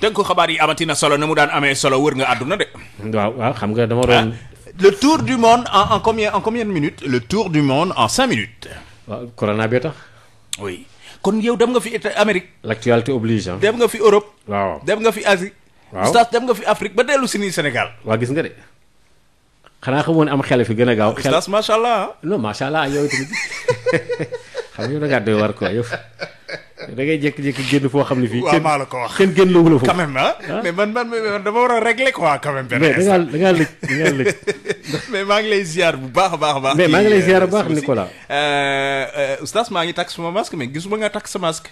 tënku xabaar yi amati na solo na mu daan amee solo wër nga àdduna de. waaw waaw xam nga dama doon. Ah, le tour du monde en en combien de minutes. le tour du monde en cinq minutes. waaw corona bee tax. oui kon yow dem nga fi Amérique. l'actualité oblige dem nga fi Europe. waaw dem nga fi Asie. waaw oustaz dem nga fi Afrique ba dellu si nii Sénégal. waa gis nga de xanaa xam xamoon am xel fi gën a gaaw. xel oustaz macha allah. Ah. non macha allah yow tamit xam nga yow da war quoi da ngay jékki-jékki génn foo xam ne fii. waaw maa la ko wax kenn kenn génn la foofu. quand même ah, ah. mais man man war a régler quoi quand même. benn instant mais da ngaa da lëj mais maa ngi lay ziar bu baax a baax a baax. mais maa ngi lay ziar bu euh, baax Nicolas. Euh, euh, oustaz maa ngi takk sama masque mais gisuma nga takk sa masque.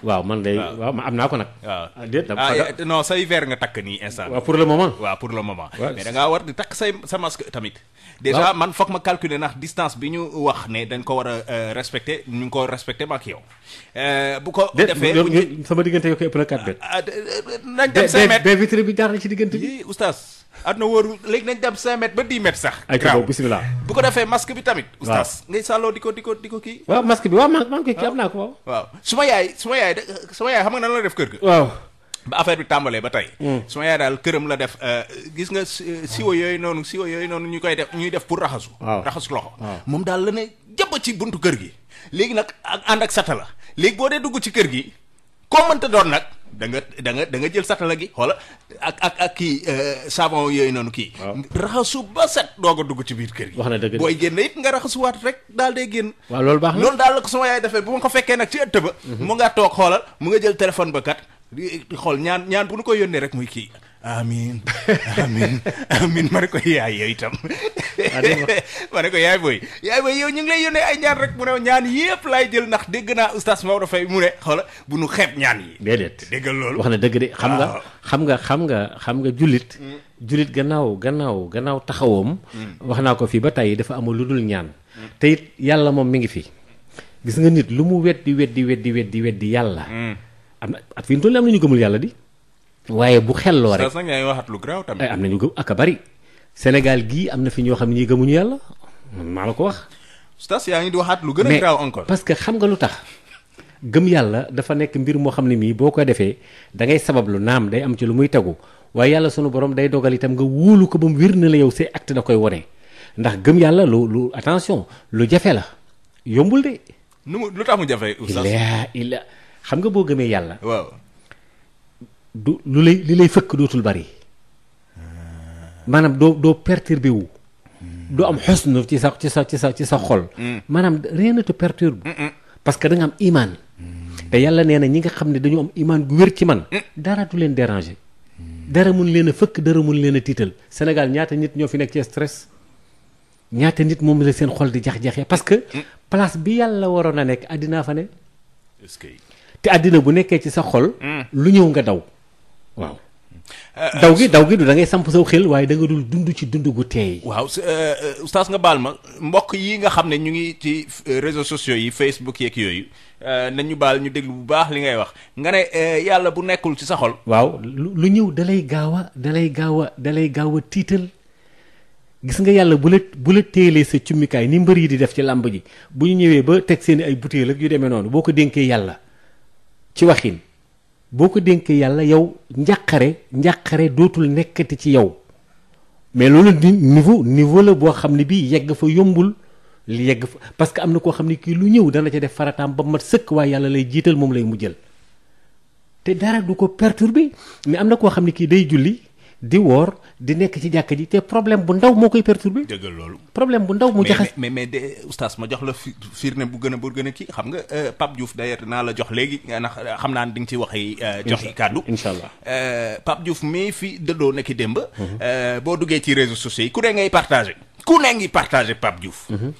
waaw man day waaw am naa ko nag. waaw ah, déet ah, eh, non say nii instant. pour le moment. waaw pour le moment. mais da ngaa war di takk say sa masque tamit. déjà man foog ma calculer ndax distance bi ñu wax ne dañ ko war a euh, respecter ñu ngi ko respecter ma ak yow. Euh, bu ko defee déet sama diggante yow koy ëpp na 4 mètres. Ah, nañ dem 5 mètres bee vitre bi na ci diggante bi. oustaz. àdduna wóoru léegi nañ dem 5 mètres ba 10 mètres sax. ay kaw bu ko defee masque bi tamit. oustaz ngay sàlloo di ko di ko di ko kii. waaw masque bi waaw man man kii am naa ko waaw. yaay yaay xam nga nan la def kër ga. waaw. ba affaire bi tàmbalee ba tey. Hmm. sama yaay daal këram la def euh, gis nga euh, siwo yooyu noonu siwo yooyu noonu ñu koy def ñuy def pour raxasu. raxasu loxo. moom daal la ne jëpp ci buntu kër gi. léegi nag ak ànd ak sata la léegi boo dee dugg ci kër gi koo mënta doon nag. da nga da nga da nga jël satala gi xoola ak ak ak kii euh, savon yooyu noonu kii. raxasu ba set doog a dugg ci biir kër gi. wax na dëgg booy génn it nga raxasuwaat rek daal day génn. waaw loolu baax na daal la ko sama yaay defee bu ma ko fekkee nag ci ëtt ba. Mhm. mu nga toog xoolal mu nga jël téléphone ba kat xool ñaan ñaan bu nu koy yónnee rek muy kii. amin amin amin ma ne ko yaay yow itam ma ne ko yaay booy yaay booy yow ñu ngi lay yónnee ay ñaan rek mu ne ñaan yëpp laay jël ndax dégg naa oustaz Maodo Faye mu ne xoola bu nu xeeb ñaan yi déedéet déggal loolu wax na dëgg de xam xam nga xam nga xam nga hmm. gannaaw gannaaw gannaaw taxawoom hmm. wax naa ko fii ba tey dafa amul lu dul ñaan hmm. te yàlla moom mi ngi fi gis nga nit lu mu weddi weddi weddi weddi weddi yàlla am na at fi mu toll am na ñu gëmul yàlla di waaye bu xelloo rek nag yaay waxat lu garaaw tamit eh, am nañu gëm ak a bari Sénégal gii am na fi ñoo xam ne ñii gëmuñu yàlla man maa la ko wax. Oustaz yaa ngi di waxaat lu gën a garaaw encore parce que xam nga lu tax gëm yàlla dafa nekk mbir moo xam ne mii boo koy defee dangay sabab lu naam day am ci lu muy tegu waaye yàlla sunu borom day dogal itam nga wóolu ko ba mu wér na la yow say acte da koy wone ndax gëm yàlla lu lu attention lu jafe la yombul de. nu lu tax mu jafe. Oustaz ilaa xam nga boo gëmee yàlla. du lu lay li lay fëkk dootul bari maanaam doo doo perturbé wu doo am xosnu ci sa ci sa ci sa ci sa xol maanaam rien ne te perturbe parce que da am imaan te yàlla nee na ñi nga xam ne dañu am imaan gu wér ci man dara du leen déranger dara mun leen a fëkk dara mun leen a tiital Sénégal ñaata nit ñoo fi nekk ci stress ñaata nit moom la seen xol di jax-jaxee parce que place bi yàlla waroon a nekk àddinaa fa ne te àddina bu nekkee ci sa xol lu ñëw nga daw waaw. Euh, daw euh, gi daw gi du da ngay samp saw xel waaye da nga dund ci dund gu teey. waaw euh, oustaz nga baal ma mbokk yi nga xam ne ñu ngi ci réseau sociaux yi Facebook yeeg yooyu nañ ñu baal ñu déglu bu baax li ngay wax nga ne yàlla bu nekkul ci sa xol. waaw lu ñëw dalay lay gaaw a da lay gaaw a da gaaw a tiital gis nga yàlla bu la bu la teelee sa cummikaay ni mbër yi di def ci làmb ji bu ñu ñëwee ba teg seen ay butéel ak yu demee noonu boo ko dénkee yàlla ci waxin. boo ko dénkee yàlla yow njàqare njàqare dootul nekkati ci yow mais loolu di niveau niveau la boo xam ne bii yegg fa yombul li yegg fa parce que am na koo xam ne kii lu ñëw dana ca def farataam ba mat sëkk waaye yàlla lay jiital moom lay mujjal te dara du ko perturber mais am na koo xam ne kii day julli di woor di nekk ci jàkk ji te problème bu ndaw moo koy perturbé. dëgg loolu problème bu ndaw mu jaxas. mais mais de oustaz ma jox la firne bu gën a bu gën a kii xam nga euh, Pape Diouf d'ailleurs naa la jox léegi ndax euh, xam naa ne di nga ci waxee. Euh, jox yi kàddu incha allah Pape Diouf mii fi dëddoo na ki démb. Mhm. boo duggee ci réseaux sociaux yi ku ne ngay partagé. ku ne ngi partagé Pape Diouf. Mhm.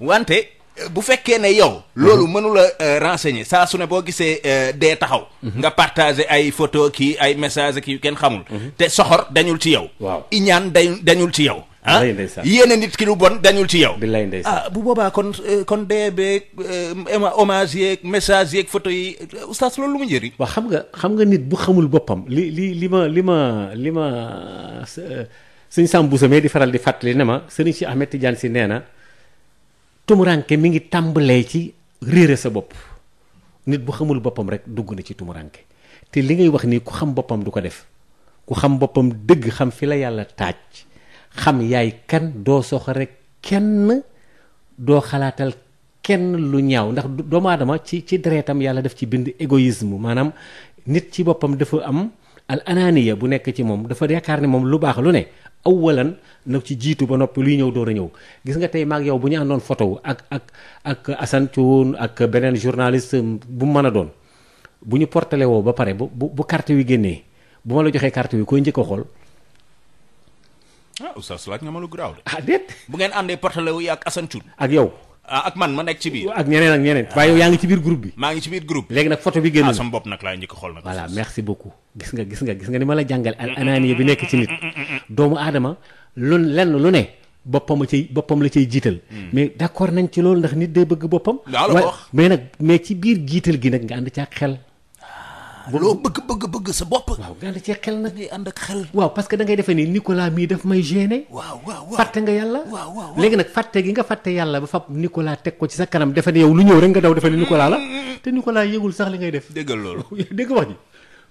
wante. bu fekkee ne yow. loolu mhm. mënula euh, renseigner saa su ne boo gisee euh, dee taxaw. Mhm. nga partager ay photo kii ay message kii kenn xamul. Mhm. te soxor dañul ci yow. waaw iñaan dañul ci yow. ah yéene nit ki lu bon dañul ci yow. ah bu boobaa kon euh, kon dee beeg hommage yeeg message yeeg photo yi oustaz loolu lu mu yi waaw xam nga xam nga nit bu xamul boppam li li li ma li ma li ma sëñ Samb Bousso di faral di fàttali ne ma sëriñ si Ahmed Tidiane si nee na. tumuranke mi ngi tàmbalee ci riire sa bopp nit bu xamul boppam rek dugg na ci tumuranke te li ngay wax nii ku xam boppam du ko def ku xam boppam dëgg xam fi la yàlla taaj xam yaay kan doo soxore kenn doo xalaatal kenn lu ñaaw ndax doomu aadama ci ci dereetam yàlla def ci bind égoïsme maanaam nit ci boppam dafa am al ananiya bu nekk ci moom dafa yaakaar ne moom lu baax lu ne awalan nag ci jiitu ba noppi luy ñëw door a ñëw gis nga tey maa maag yow bu ñu àndoon photo ak ak ak Assane ak beneen journaliste bu mu mën a doon bu ñu portélé woo ba pare bu bu carte wi génnee bu ma la joxee carte wi koy njëkk a xool. ah oustaz laaj nga ma lu garaaw de. Ah, bu ngeen àndee portélé wu yi ak Assane ak yow. Ah, ak man ma nekk ci biir. ak ñeneen ak ñeneen. waaye yow yaa ngi ci biir groupe bi. maa ngi ci biir groupe. léegi nag photo bi génn na ah, sama merci beaucoup. gis nga gis nga gis nga ni ma la jàngal al anaaniya bi nekk ci nit. Mm, mm, mm, doomu aadama lu lenn lu ne. boppam a cay boppam la cay jiital. mais d'accord nañ ci loolu ndax nit day bëgg boppam. mais nag mais ci biir jiital gi nag nga ànd ci xel. loo bëgg bëgg bëgg sa bopp. waaw nga ànd cee xel nag. da ngay defee ni Nicolas mii daf may gêner. waaw waaw waaw fàtte nga yàlla. waaw waaw léegi nag fàtte gi nga fàtte yàlla ba fab Nicolas teg ko ci sa kanam defe ne yow lu ñëw rek nga daw defe ne Nicolas la te Nicolas yëgul sax li ngay def. déggal loolu dégg wax ji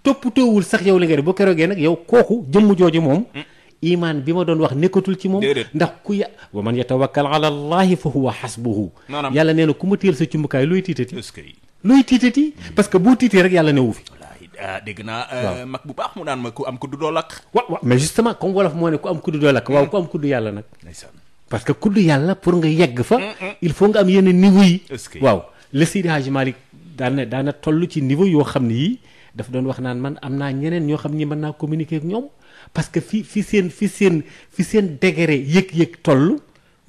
toppatoowul sax yow li ngay def boo keroogee nag yow kooku jëmm jooju moom. Mm. iman bi ma doon wax nekkatul ci moom ndax ku ya wa man yatawakkal ala allahi fa huwa xasbuhu yàlla nee na ku ma téel sa cumbukaay looy tiitati mm. que boo tiitee rek yàlla newu fi ah dégg naa. Euh, mag bu baax mu naan ma ku am kuddu doo lakk. wa wa mais justement comme wolof moo ne ku am kuddu doo lakk waaw hmm. ku am kuddu yàlla nag. parce que kuddu yàlla pour nga yegg fa. Hmm, hmm. il faut nga am yenn niveau yi. waaw le Seydi Hadji Malick daan na daan na toll ci niveau yoo xam ne yii dafa doon wax naan man am naa ñeneen ñoo xam ni mën naa communiquer ak ñoom parce que fi fi seen fi seen fi seen degré yëg-yëg toll.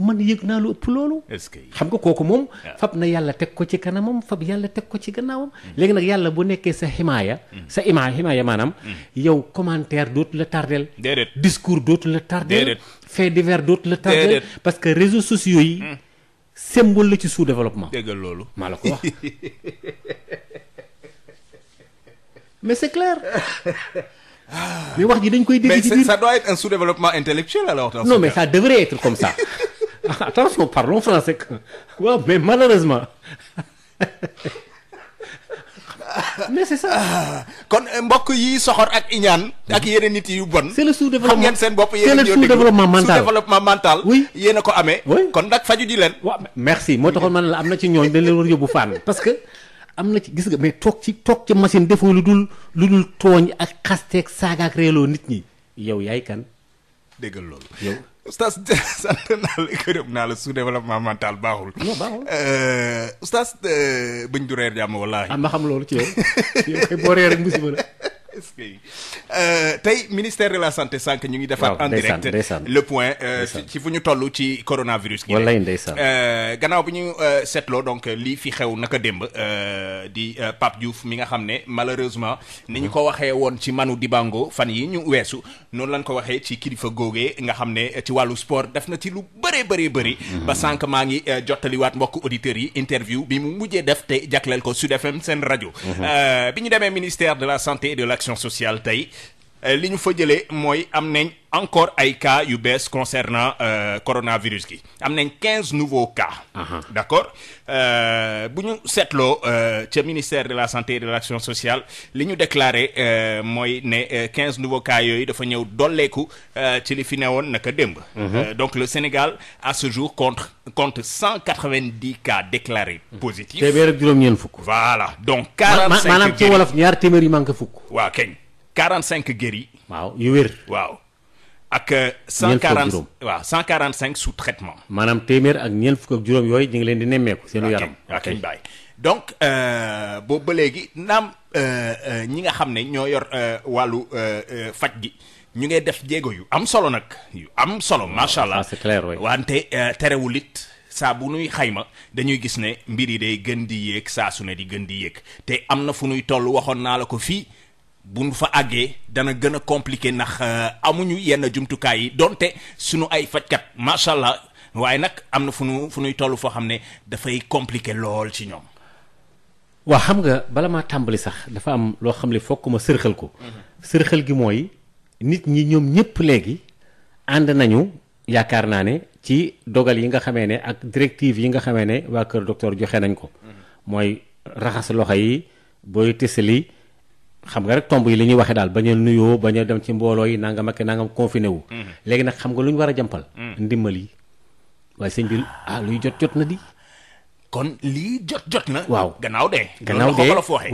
man yëg naa lu ëpp loolu. est-ce que xam nga kooku moom. fab na yàlla teg ko ci kanamam fab yàlla teg ko ci gannaawam. léegi nag yàlla bu nekkee sa ximaaya. Mm-hmm. sa imaaya ximaaya maanaam. Mm-hmm. yow commentaire dootu la tardel. déedéet discours dootu la tardel. déedéet fait divers dootu la tardel. parce que réseaux sociaux yi. Mm. symbole la ci sous développement. déggal loolu maa la ko wax. mais c'est clair. mais wax ji dañ koy dégg ci biir mais ça doit être un sous-développement intellectuel mais ça devrait être comme ça. Attention, parlons français. waaw mais malheureusement. mais c'est ça. kon eh, mbokk yi soxor ak iñaan mhm. ak yeneen nit yu bon. c'est le sous-développement xam ngeen seen bopp yéen a. c'est le sous-développement mental sous-développement mental. ko amee. kon nag faju ji leen. waaw merci moo tax man la am na ci ñooñ dañ leen war yóbbu fànn parce que am na ci gis nga mais toog ci toog ci machine defoo lu dul lu dul tooñ ak xasteeg saagaak reeloo nit ñi yow yaay kan. déggal loolu oustaz sant naa la gërëm naa la sous développement mental baaxul. non baaxul euh, oustaz. Euh, bañ du reer jàmm wallaahi. ah xam loolu ci yow. boo reer rek musiba la. est-ce euh, tey ministère de la santé sànq ñu ngi defaat en direct le point euh, ci fu ñu toll ci coronavirus gi wallaay ndeysaan euh, gannaaw bi ñu seetloo donc lii fi xew naka démb di Pape Diouf mi nga xam ne malheureusement ni ñu mhm. ko waxee woon ci Manu Dibango fan yi ñu weesu noonu lañ ko waxee ci kilifa googee nga xam ne ci wàllu sport def na ci lu bëree bëree bëri mhm. ba sànq maa ngi jottaliwaat mbokk auditeurs yi interview bi mu mujjee def te jagleel ko Sud FM seen rajo mhm. bi ñu demee ministère action sociale tey Euh, li ñu fa jëlee mooy am nañ encore ay cas yu bees concernant euh, coronavirus gi am nañ quinze nouveaux cas d' accord euh, bu ñu seetloo ca ministère de la santé et de l' sociale li ñu déclaré mooy ne quinze nouveaux cas yooyu dafa ñëw dolleeku ci li fi ne woon naka démb mhm. donc le Sénégal à ce jour contre compte cent quatre vingt dix cas déclarés positifs téeméer ak juróom-ñeent fukk voilà donc quarante cinq maanaam ci wolof ñaar téeméer yi manqué fukk waaw keñ quarante cinq guerre yi. waaw yu wér. waaw ak. Euh, cent quarante waaw cent quarante cinq sous traitement. maanaam téeméer ak ñeent fukk ak juróom yooyu ñu ngi leen di nemmeeku. seenu yaram ok ok bàyyi donc euh, boobu ba léegi naam euh, ñi nga xam ne ñoo yor wàllu faj gi. ñu ngay def jéego yu am solo nag yu am solo macha allah c'est wante terewul it saa bu nuy xayma dañuy gis ne mbir yi day gën di yéeg saa su ne di gën di yéeg te am na fu nuy toll waxoon naa la ko fii bu nu fa àggee dana gën a compliqué ndax euh, amuñu yenn jumtukaay yi donte suñu ay fajkat macha allah waaye nag am na fu nu fu nuy toll foo xam ne dafay compliqué lool ci ñoom. waaw xam nga bala maa tàmbali sax dafa am loo xam ne fokk ma sërxal ko. Mhm. sërxal gi mooy nit ñi ñoom ñëpp léegi ànd nañu yaakaar naa ne ci dogal yi nga xamee ne ak directive yi nga xamee ne waa Kër Docteur joxe nañ ko. Mhm. mooy raxas loxo yi booy tisali xam nga rek tomb yi li ñuy waxee daal bañ a nuyoo bañ a dem ci mbooloo yi nangam ak nangam confiné wu. Mm-hmm. léegi nag xam nga lu ñu war a jàmpal. Mm-hmm. ndimbal yi waaye sëñ bi ah luy jot jot na di. kon lii jot jot na. waaw gannaaw de. gannaaw de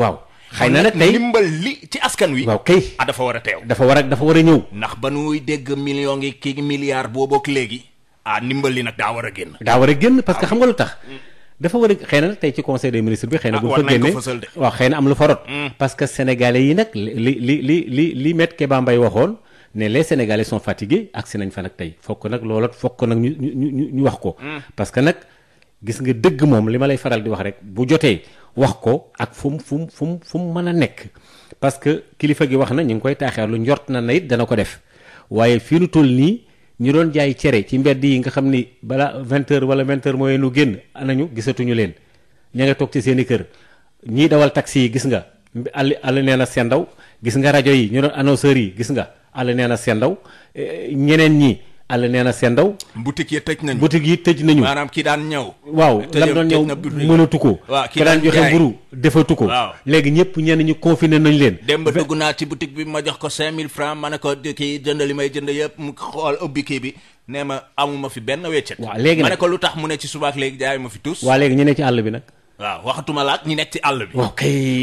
waaw. xëy na nag tey ndimbal li ci askan wi. waaw kay ah, dafa war a teew. dafa war a dafa war a ñëw. ndax ba nuy dégg millions yi kii milliards boobu ak léegi. Ah, ndimbal li nag daa war a génn. daa war a génn parce que xam nga dafa war a xëy na nag tey ci conseil des ministres bi xëy na ah, bu fa génne waaw xëy na am lu fa rot hmm. parce que sénégalais yi nag li li li li li Maître Kéba Mbaye waxoon ne les sénégalais sont ak agsi nañ fa nag tey fokk nag loolat fokk nag ñu ñu ñu ñu wax ko hmm. parce que nag gis nga dëgg moom li ma lay faral di wax rek bu jotee wax ko ak fum fum fu mu fu mu mën a nekk parce que kilifa gi wax na ñu ngi koy taaxeer lu njort na na it dana ko def waaye fii nu toll nii ñu doon jaay cere ci mbedd yi nga xam ni bala vingt heures wala vingt heures mooy nu génn anañu gisatuñu leen ña nga toog ci seen i kër ñii dawal taxi yi gis nga àll àll nee na seen gis nga rajo yi ñu doon annonceurs yi gis nga àll nee na seen ndaw eh, ñeneen ñi àll nee na seen ndaw. boutique yi tëj nañu boutique yi tëj nañu. maanaam kii daan ñëw. waaw lam doon ñëw mënatu ko. waa ki daan joxe mburu defatu ko. waaw léegi ñëpp ñenn ñu confiné nañ leen. dem ba dugg naa ci boutique bi ma jox ko mille francs ma ne ko kii jënd li may jënd yëpp mu xool ubbi bi nee ma amuma fi benn weccet. waaw léegi nag ma ne ko lu tax mu ne ci suba ak léegi jaay ma fi tous. waa léegi ñu ne ci àll bi nag. waaw waxatuma la ñi nekk ci àll bi. ok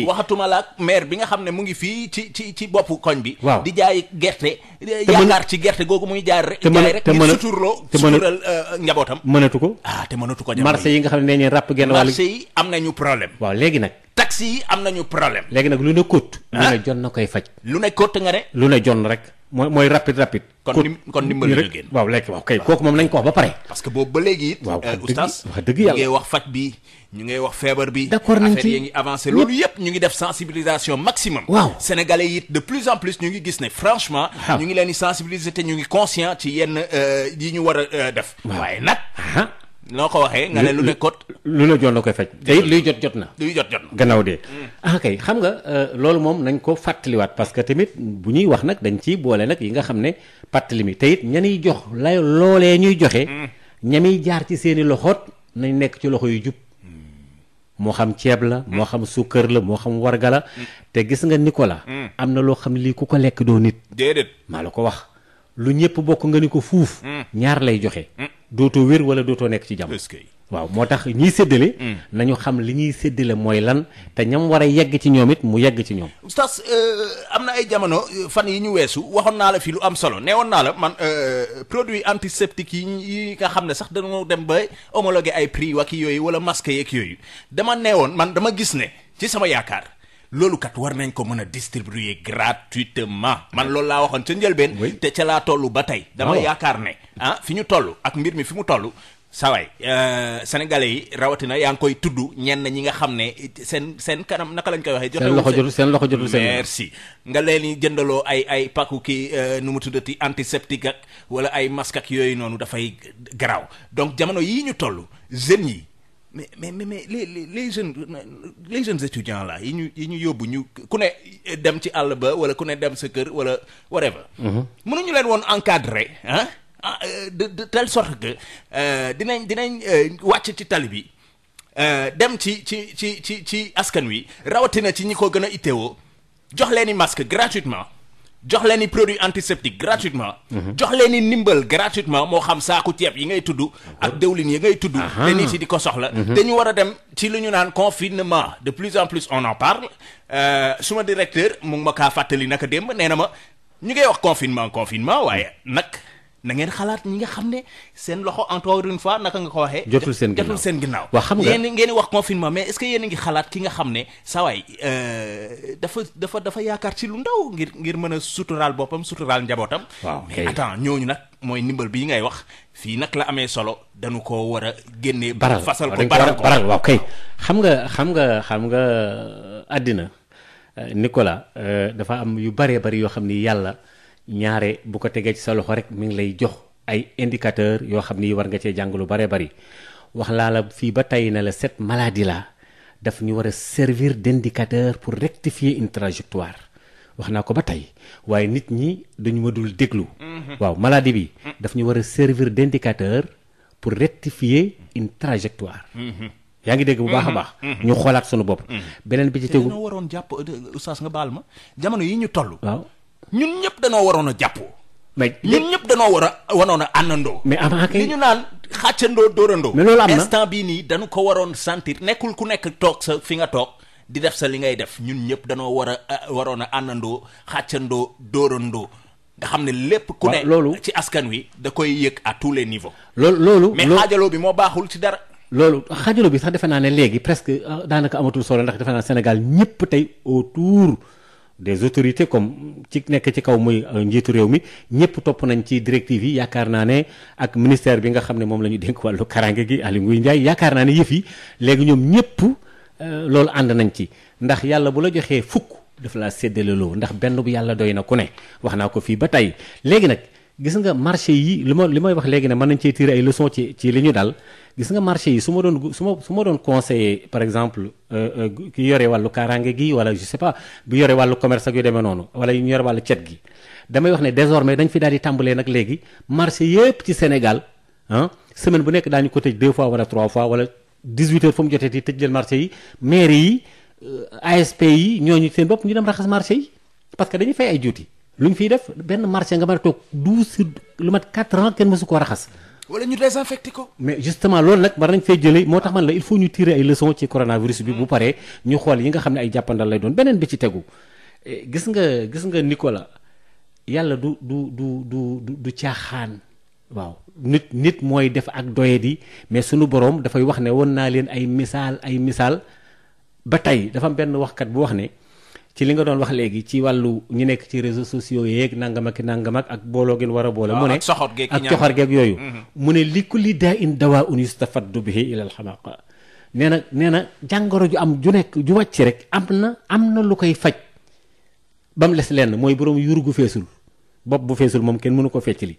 waxatuma la ak maire bi nga xam ne mu ngi fii ci ci ci boppu koñ bi. waaw di jaay gerte. yaakaar ci gerte googu muy jaar rek. te mën te mën a suturloo sutural euh, njabootam. mënatu ko ah te mënatu ko. marché yi nga xam ne nee nañ ràpp genn wàll. marché yi am ñu problème. waaw léegi nag. taxi yi am nañu problème. léegi nag lu ne kóot. lu ne ah? jon na koy faj. lu ne kot nga ne. lu ne jon rek. mooy mooy rapide rapide. kon ni kon ni mbëri la génn waaw lekk kay kooku moom nañ ko wax ba pare. parce que boobu ba léegi it. waaw euh, oustaz dëgg yàlla ñu ngay wax faj bi ñu ngay wax feebar bi. d'accord nañ ci affaire yi ngi avancé loolu yëpp ñu ngi def sensibilisation maximum. waaw sénégalais yi de plus en plus ñu ngi gis ne franchement. Ah. ñu ngi leen di sensibiliser te ñu ngi conscient ci yenn euh, yi ñu war a euh, def. waaye nag. Ah. noo ko waxee nga ne lu ne kot lu ne jot koy faj te jot jot na luy jot jot gannaaw dee ah kay xam nga loolu moom nañ ko fàttaliwaat parce que tamit bu ñuy wax nag dañ ciy boole nag yi nga xam ne pàttali mi te it ñanuy jox la loolee ñuy joxe ñamiy jaar ci seeni loxoot nañ nekk ci loxo yu jub moo xam ceeb la moo xam sukkër la moo xam warga la te gis nga ni ko Nicolas am na loo xam lii ku ko lekk doo nit déedéet maa la ko wax lu ñëpp bokk nga ni ko fuuf ñaar lay joxe dootoo wér wala dootoo nekk ci jàmm waaw moo tax ñiy séddale mm. nañu xam li ñuy séddale mooy lan te ñam war a yegg ci ñoom it mu yegg ci ñoom oustaz euh, am na ay jamono euh, fan yi ñu weesu waxoon naa la fii lu am solo neewoon naa la man euh, produit antiseptique yi yi nga xam ne sax dañoo dem ba homologué ay prix waki yooyu wala masque yeeg yooyu dama nee woon man dama gis ne ci sama yaakaar loolu kat war nañ ko mën a distribuer gratuitement man loolu laa waxoon ca njëlbeen te ca laa toll ba tey dama ah yaakaar ne ah fi ñu toll ak mbir mi fi mu toll sawaay euh, sénégalais yi rawatina yaa ngi koy tudd ñenn ñi nga xam ne seen seen kanam naka lañ koy waxee. seen loxo jotul seen loxo jotul seen merci nga leen jëndaloo ay ay pàkku kii euh, nu mu tuddati antiseptique ak wala ay masque ak yooyu noonu dafay garaaw donc jamono yii ñu toll jeunes yi. mais mais mais les les les jeunes les jeunes étudiants la yi ñu yi ñu yóbbu ñu ku ne dem ci àll ba wala ku ne dem sa kër wala whatever. Mhm. ñu leen woon encadrer ah euh, de de telle sorte que euh, dinañ dinañ euh, wàcc ci tali bi dem ci ci ci ci ci askan wi rawatina ci ñi ko gën a ite jox leen i masque gratuitement. jox leen ni produit antiseptique gratuitement. Mhm. jox leen ni ndimbal gratuitement moo xam saaku ceeb yi ngay tudd. ak dëwlin yi ngay tudd. te nit yi di ko soxla. Mhm. te ñu war a dem ci lu ñu naan confinement de plus en plus on en parle euh, suma directeur mu ngi ma kaa fàttali naka démb nee na ma ñu ngay wax confinement confinement waaye nag. na ngeen xalaat ñi nga xam ne seen loxo encore une fois naka nga ko waxee. jotul seen ginnaaw jotul seen ginnaaw. waaw xam nga yéen ngeen wax confinement mais est-ce que yéen a ngi xalaat ki nga xam ne saa waay euh, dafa dafa dafa yaakaar ci lu ndaw ngir ngir mën a suturaal boppam suturaal njabootam. waaw mais attends ñooñu nag mooy ndimbal yi ngay wax fii nag la amee solo dañu ko war a génnee. baral fasal ko baral ko baral waaw kay. xam nga xam nga xam nga euh, àddina euh, Nicolas dafa am yu baree bari yoo xam yàlla. ñaare bu ko tegee ci sa loxo rek mu ngi lay jox ay indicateur yoo xam ni war nga cee jàng lu bare bari wax laa la fii ba tey na la cette maladie la daf ñu war a servir d'indicateur pour rectifier une trajectoire wax naa ko ba tey waaye nit ñi dañu ma déglu. Mhm. waaw maladie bi mhm. daf ñu war a servir d'indicateur pour rectifier une trajectoire. Mhm. yaa ngi dégg bu baax a baax. ñu xoolaat sunu bopp. beneen bi ci tegu te waroon jàpp euh, oustaz nga baal ma jamono yi ñu toll. ñun ñëpp danoo waroon a jàppoo. mais ñun ñëpp danoo war a waroon a àndandoo. mais avant kay li ñu naan xàccandoo dóorandoo. mais loolu am na instant bii nii dañu ko waroon sentir nekkul ku nekk toog sa fi nga toog. di def sa li ngay def ñun ñëpp danoo war a waroon a àndandoo xàccandoo dóorandoo nga xam ne lépp. ku ne loolu ci askan wi da koy yëg à tous les niveaux. loolu loolu mais xaajaloo bi moo baaxul ci dara. loolu xaajaloo bi sax defe naa ne léegi presque euh, daanaka amatul solo ndax defe naa Sénégal ñëpp tey autour des autorités comme ci nekk ci kaw muy euh, njiitu réew mi ñëpp topp nañ ci directive yi yaakaar naa ne ak ministère bi nga xam ne moom la ñu dénk wàllu karange gi Aly Ngouille Ndiaye yaakaar naa ne yëf yi léegi ñoom ñëpp euh, loolu ànd nañ ci ndax yàlla bu la joxee fukk daf laa séddale ndax benn bu yàlla doy na ku ne wax naa ko fii ba tey léegi nag gis nga marché yi li ma li may wax léegi ne mën nañ cee tirer ay leçons ci ci li ñu dal gis nga marché yi su ma doon su ma su ma doon conseiller par exemple euh, euh, ki yore wàllu kaaraange gi wala je sais pas bu yore wàllu commerce ak yu demee noonu wala ñu yore wàllu cet gi damay wax ne désormais dañ fi daal di tàmbalee nag léegi marché yépp ci Sénégal ah semaine bu nekk daañu ko tëj deux fois wala trois fois wala 18 heures fu mu jotee ti tëj leen marché yi mairie yi euh, ASP yi ñooñu seen bopp ñu dem raxas marché parce que dañuy fay ay juuti lu ñu fiy def benn marché nga mën a toog douze lu mat quatre ans kenn mësu koo raxas. wala ñu désinfecté ko. mais justement loolu nag war nañ fee jëlee moo tax man la il faut ñu tirer ay leçons ci coronavirus bi bu mm. paree ñu xool yi nga xam ne ay jàppandal lay doon beneen bi ci tegu eh, gis nga gis nga Nicolas yàlla du du du du du caaxaan. waaw nit nit mooy def ak doyadi mais sunu borom dafay wax ne woon naa leen ay misaal ay misaal ba tey dafa am benn waxkat bu wax ne. ci li nga doon wax léegi ci wàllu ñu nekk ci réseaux sociaux yeeg nangam ak nangam ak booloo gën war a boole. mu ne ak soxor geek yooyu. Mm-hmm. mu ne li kulli daa in dawaa un yustafaddu bihi ila alxamaqa nee na nee na jàngoro ju am ju nekk ju wàcc rek am na am na lu koy faj ba mu les lenn mooy borom yuur gu feesul bopp bu feesul moom kenn mënu ko fecc li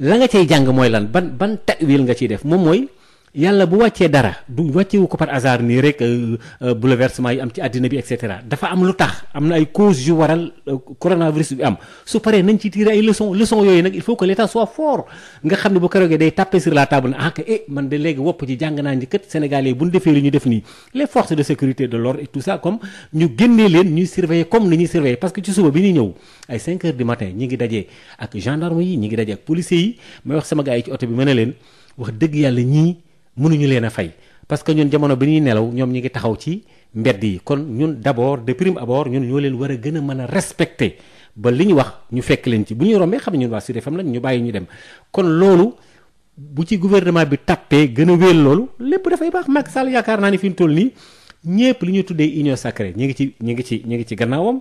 la nga cay jàng mooy lan ban ban ta'wil nga ciy def moom mooy. yàlla bu wàccee dara du wàccewu ko par hasard nii rek euh, euh, bouleversement yi am ci àddina bi et cetera dafa am lu tax am na ay causes yu waral euh, coronavirus bi am su paree nañ ci tirer ay leçons leçons yooyu nag il faut que l'état soit fort nga xam ne bu keroogee day taper sur la table ah que eh man de léegi wopp ci jàng naa ni kat sénégalais bu ñu defee li ñu def nii les forces de sécurité de l'ordre et tout ça comme ñu génnee leen ñuy surveiller comme ni ñuy surveiller parce que ci suba bi ñuy ñëw ay 5 heures ngi dajee ak gendarme ngi dajee ak policiers yi may wax sama leen wax dëgg yàlla ñii mënuñu leen a fay parce que ñun jamono bi ñuy nelaw ñoom ñu ngi taxaw ci mbedd yi kon ñun d'abord de prime abor ñun ñoo leen war a gën a mën a respecter ba li ñu wax ñu fekk leen ci bu ñuy rombee xam ne ñun waa Sud FM la ñu bàyyi ñu dem kon loolu bu ci gouvernement bi tàppee gën a wéel loolu lépp dafay baax Macky Sall yaakaar naa ni fi mu toll nii ñépp li ñu tuddee union sacrée ñu ngi ci ñu ngi ci ñu ngi ci gannaawam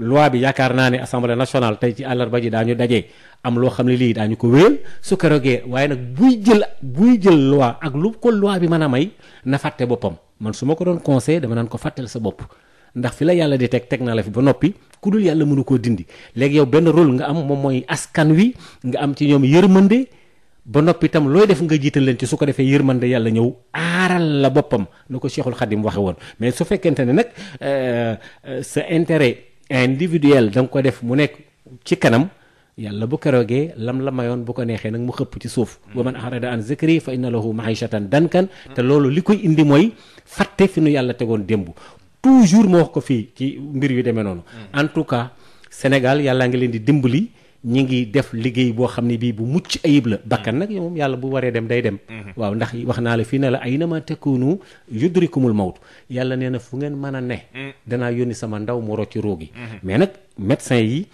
loi bi yaakaar naa ne assemblée nationale tey ci àllarba ji daañu dajee am loo xam ne lii daañu ko wéyal su ko rogee waaye nag buy jël buy jël loi ak lu ko loi bi mën a may na fàtte boppam man su ma ko doon conseil dama naan ko fàttal sa bopp ndax fi la yàlla di teg teg na la fi ba noppi ku dul yàlla mënu koo dindi léegi yow benn rôle nga am moom mooy askan wi nga am ci ñoom yërmande ba noppi tam looy def nga jiital leen ci su ko defee yërmande yàlla ñëw aaral la boppam na ko Cheikhul Khadim waxe woon mais su fekkente ne nag euh, euh, sa intérêt individuel danga ko def mu nekk ci kanam yàlla bu keroogee lam la mayoon bu ko neexee nag mu xëpp ci suuf mm-hmm. wa man arada an zikri fa inna lahu mahishatan dankan te loolu li koy indi mooy fàtte fi nu yàlla tegoon démb toujours moo wax ko fii ci mbir yu demee noonu mm-hmm. en tout cas Sénégal yàlla ngi leen di dimbali ñi ngi def liggéey boo xam ne bii bu mucc ayib la bakkan mm. nag moom yàlla bu waree dem day dem mm-hmm. waaw ndax wax naa la fii ne la ay nama tekkoonu yudrikumul mawt yàlla nee na fu ngeen mën a ne mm. danaa yónni sama ndaw mu rocci roogi mm-hmm. mais nag médecin yi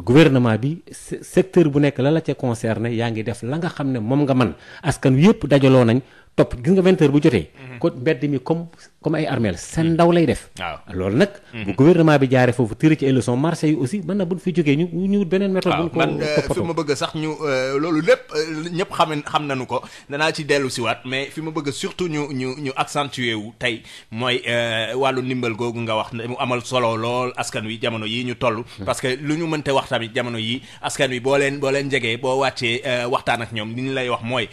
gouvernement bi secteur bu nekk la la ca concerné yaa ngi def la nga xam ne moom nga man askan yëpp dajaloo nañ topp gis nga vingt bu jotee. Mhm. ko mbedd mi comme comme ay armeel seen mhm. ndaw lay def. waaw loolu nag. Mhm. bu gouvernement bi jaare foofu tiré ci ay leçons marché yi aussi mën na bu fi jógee ñu ñu beneen méthode. bu ko fi ma bëgg sax ñu euh, loolu lépp euh, ñëpp xam na nañu ko danaa ci dellu siwaat mais fi ma bëgg surtout ñu ñu ñu accentuer wu tey mooy euh, wàllu ndimbal googu nga wax mu amal solo lool askan wi jamono yii ñu toll. Hmm. parce que lu ñu mënte wax tamit jamono yii askan wi boo leen boo leen boo wàccee waxtaan ak ñoom li ñu lay wax mooy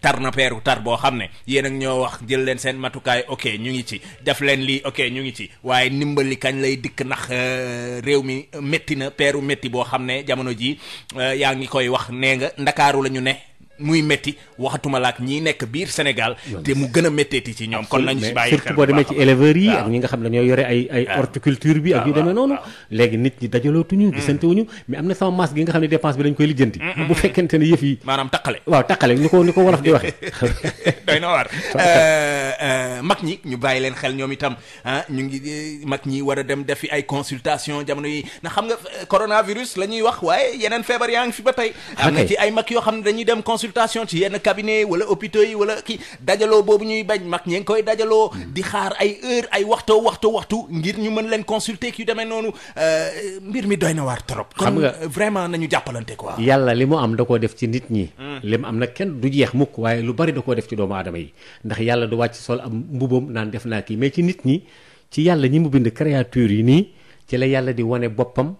tar na peeru tar boo xam ne yéen ak ñoo wax jël leen seen matukaay ok ñu ngi ci def leen lii ok ñu ngi ci waaye ndimbali kañ lay dikk ndax euh, réew mi métti na peeru métti boo xam ne jamono ji euh, yaa ngi koy wax nee nga ndakaaru la ñu ne muy métti waxatuma la ak ñiy nekk biir Sénégal. te mu gën a métteeti ci ñoom kon nañu si bàyyi yi ak ñi nga xam ne ñoo yore ay horticulture bi ak yu demee noonu. léegi nit ñi dajalootuñu. Mm. gisante wuñu mais am na sama masse gi nga xam ne dépense bi lañ koy lijjanti. bu fekkente ne yi. maanaam taqale ko ni na waar euh, euh, mag ñi ñu bàyyi leen xel ñoom itam ah, eh, mag ñi war a dem defi ay consultation jamono yi na xam nga euh, coronavirus la ñuy wax waaye yeneen feebar yaa ngi fi ba tey. Ah, am na ci ay mag yoo xam ne dañuy consultation ci yenn cabinet wala hôpitaux yi wala kii dajaloo boobu ñuy bañ mag ñee ngi koy dajaloo di xaar ay heure ay waxtoo waxtu waxtu ngir ñu mën leen consulter ki yu demee noonu euh, mbir mi doy na waar trop xam nga euh, vraiment nañu jàppalante quoi yàlla li mu am da koo def ci nit ñi hmm. li mu am na kenn du jeex mukk waaye lu bari da koo def ci doomu aadama yi ndax yàlla du wàcc sol am mbubam naan def naa kii mais ci nit ñi ci yàlla ñi mu bind créature yi nii ci la yàlla di wane boppam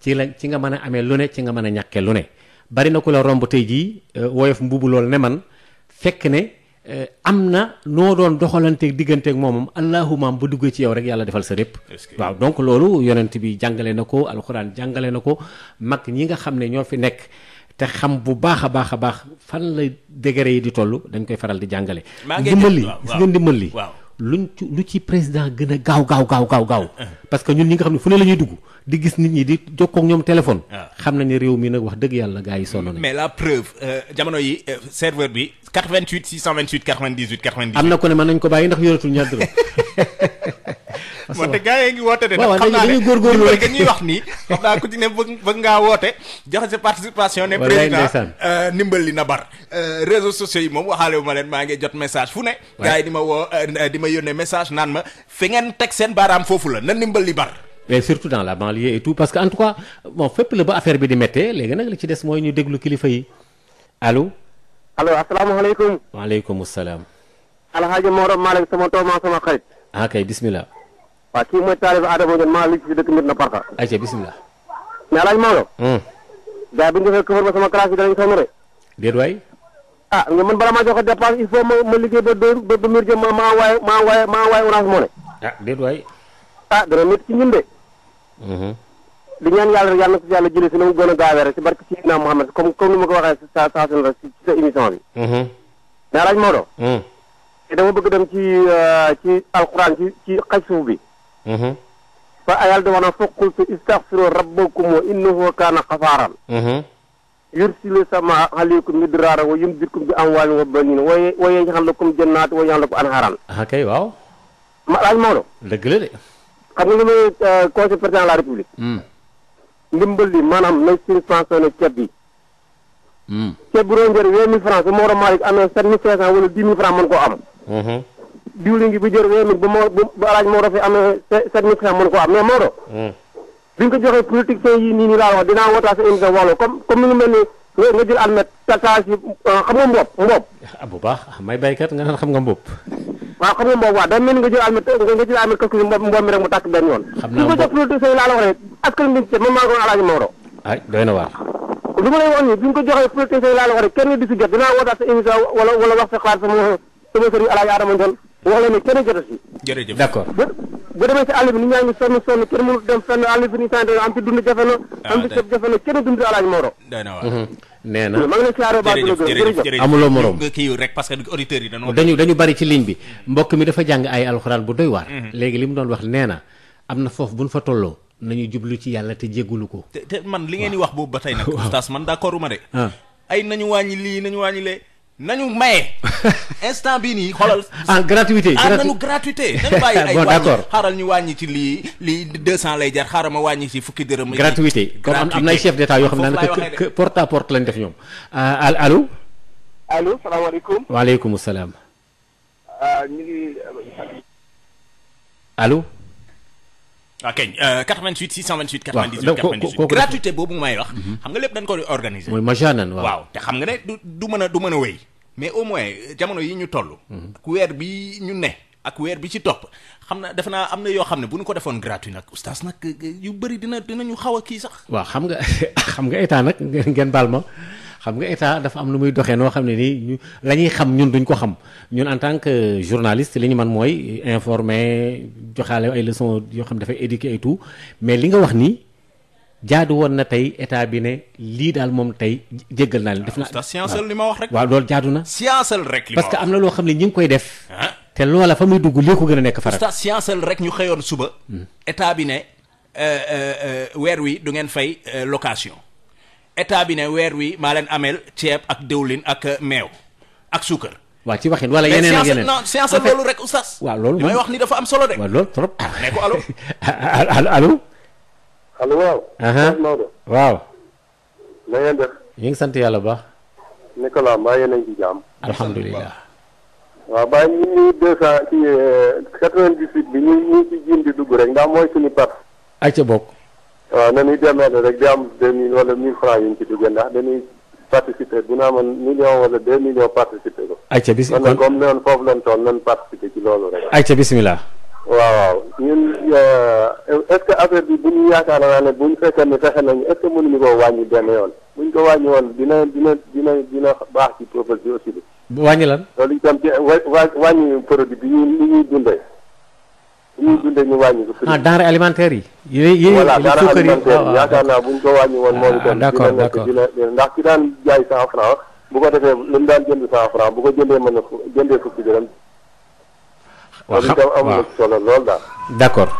ci la ci nga mën a amee lu ne ci nga mën a ñàkkee lu ne bari na ku la romb tey jii euh, woyof mbubu lool ne man fekk ne euh, am na noo doon doxalanteeg digganteeg moomam allahumaam bu duggee ci yow rek yàlla defal sa répp waaw donc loolu yonent bi jàngale na ko alxuraan jàngale na ko mag ñi nga xam ne ñoo fi nekk te xam bu baax a baax a baax fan la degré yi di toll dañ koy faral di jàngale ndimbal li gis nga ndimbal li lu ñu lu ci président gën a gaaw gaaw gaaw gaaw gaaw parce que ñun ñi nga xam ne fu ne la ñuy dugg di gis nit ñi di jokkoo ak ñoom téléphone ah. xam nañ ne réew mi nag wax dëgg yàlla gaa yi sonn nañ mais la preuve euh, jamono yi euh, serveur bi 88 628 98 98 am na ko ne mën nañ ko bàyyi ndax yoratul ñaar dërëm moo te gaa yi ngi woote de xam naa ne góorgóorlu rek ñuy wax nii xam naa ku ci ne bëgg bëgg woote joxe sa participation ne président euh, ndimbal li na bar euh, réseaux sociaux yi moom waxaale bu ma leen maa ngi jot message fu ne gars yi di ma wo euh, di ma yónnee message naan ma fi ngeen teg seen baaraam foofu la na ndimbal li bar mais surtout dans la banlieue et tout parce que en tout cas bon fépp la ba affaire bi di méttee léegi nag li ci des mooy ñu déglu kilifa yi allo allo asalaamaaleykum waaleykum salaam alhaaji Mor Malick sama tooma sama xarit ah kay bismillah waaw kii mooy taalibe Adama Ndione maa liggéey si dëkk mbir na parka. ayca bisimilah. mais El Hadj Maodo. gars bi ñu defee ba sama classe bi danañ sonn rek. déet waay. ah nga man bala maa joxe dépense il faut ma ma liggéey ba dóor ba ba miir jëm ma maa waay maa waay maa waay orange a ne. ah déet waay. ah dana métti ci ñun de. di ñaan yàlla rek yàlla na ko yàlla jëlee si na mu gën a gaawee rek si barke Seydina Mouhamed comme comme ni ma ko waxee si saa saa rek si sa émission bi. mais El Hadj Maodo. te dama bëgg dem ci euh, ci alxuraan ci ci xaj bi. Mm-hmm. fa ayal ɗum wona fof qultu istahfiru rabbakum o innahu kana hafaran mm-hmm. yursilu sama aleykum midrara wo yumditkum bi amwalin wa banina woye woye jahan lakum jannati woye jahan lakum anharan ha ah, waaw ma laaj Maodo dëgg la de xam nga li may euh, conseil président la république mm. ndimbal li maanaam nañ suspensionné ceeb bi mm. ceeb bu doon jëriñ vingt mille francs su Maodo Malick amee sept mille cinq cent wala dix mille francs diwlin gi bu jër wéemit bu moo bu alaaj Maodo fi amee sept mille francs mënu ko am mais Maodo hmm. bi nga ko joxee politiciens yi nii laa wax dinaa wootaa sa émission comme comme lu mel ni nga jël almet tataasi euh, xam nga mbopp ah, bu baax ah, may baykat nga naan xam nga mbopp waaw xam nga mbopp waaw da mel ni nga jël almet nga jël almet kaskui mbopp mbopp mi rek mu tàkk na waar lu ma bi ko joxee politiciens kenn di si jot dinaa wootaa sa émission wala wala wax sa xalaat sama sama sëriñ alaaj Adama Ndione wax la ne kenn jot si. jërëjëf d'accord bu bu demee si àll bi nit ñaa ngi sonn sonn kenn mënut dem fenn àll bi nit ñaa ngi am na. am ci ah, sëb jafe na Moro. day na mhm. amuloo morom rek parce que auditeurs yi dañoo dañu dañu bari ci ligne bi mbokk mi dafa jàng ay alxuraan bu doy waar. Mhm. léegi li mu doon wax nee na am na foofu buñ fa tolloo. nañu jublu ci yàlla te jéggulu ko. te man li ngeen di wax boobu ba tey nag. oustaz man d'accorduma de. Ah. ay nañu wàññi lii nañu wàññi lee nañu maye instant bii nii xoolal. en ah, gratuité ah, gratuité. nañu bàyyi ay wàññi ñu wàññi ci lii lii deux lay jar xaaral ma wàññi ci fukki dërëm. gratuité comme am nay chef d'état yoo xam ne daanaka porte à porte lañ def ñoom. Ah, allo. allo salaamaaleykum. waaleykum salaam. ok 88 628. 98 98 gratuité boobu may wax. xam nga lépp dañ ko organiser. mooy majaanan waaw waaw te xam nga ne du du mën a du mën a wéy. mais au moins jamono yi ñu toll. ak weer bi ñu ne. ak weer bi ci topp xam na defe naa am na yoo xam ne bu ñu ko defoon gratuit nag oustaz nag yu bëri dina dinañu xaw a kii sax. waaw xam nga xam nga état nag ngeen baal ma. xam nga état dafa am lu muy doxee noo xam ne nii ñu la ñuy xam ñun duñ ko xam ñun en tant que journaliste li ñu man mooy informer joxaale ay leçons yoo xam ne dafay éduquer et tout mais li nga wax nii jaadu woon na tey état bi ne lii daal moom tey jéggal naa def naa ah, scienceal li ma wax rek. waaw loolu jaadu na. scienceal rek li parce que am na loo xam ne ñi ngi koy def. Ah. te loola fa muy dugg lii ko gën a nekk farat. oustaz scienceal rek ñu xëyoon suba. Hmm. état bi ne euh, euh, euh, weer wi du ngeen fay location. état bi ne weer wi maa leen ameel ceeb ak dëwlin ak euh, meew ak suukar. waaw ci waxin wala yeneen ak yeneen mais science loolu rek oustaz. waaw loolu li wax ni dafa am solo de. waaw loolu trop ñu ngi sant yàlla baax. Nicolas a ngi ci jàmm. alhamdulilah. waaw baa euh, ñu ci quatre bi ñu rek ndax mooy suñu part. ay ca bokk. waaw na ñuy demee rek di am deux mille wala mille francs yu ñu ci duggee ndax dañuy participer bu naa amoon million wala de millions participer ko. ayca bis kon comme noonu foofu lañ toll nañ participer ci loolu rek. ayca bisimilah. waaw ñun euh, est-ce que affaire bi bu ñu yaakaar naa ne bu ñu fekkee ne fexe nañu est-ce que mënuñu koo wàññi benn yoon bu ñu ko wàññi woon dina dina dina dina baax ci peuple bi aussi. wàññi lan. loolu itam ci wàññi produit bi ñuy ñuy dundee. bu ñuy dundee ñu wàññi ko. prix ah alimentaire yi. yéen yéen voilà ah, yaakaar naa bu ñu ko wàññi woon moom ah, itam. d'accord d'accord dina nekk dina ndax ki daan jaay cent franc bu ko defee lu mu daan jënd cent franc bu ko jëndee mën na fu jëndee fukki dërëm. waaw xam solo lool daal. d'accord.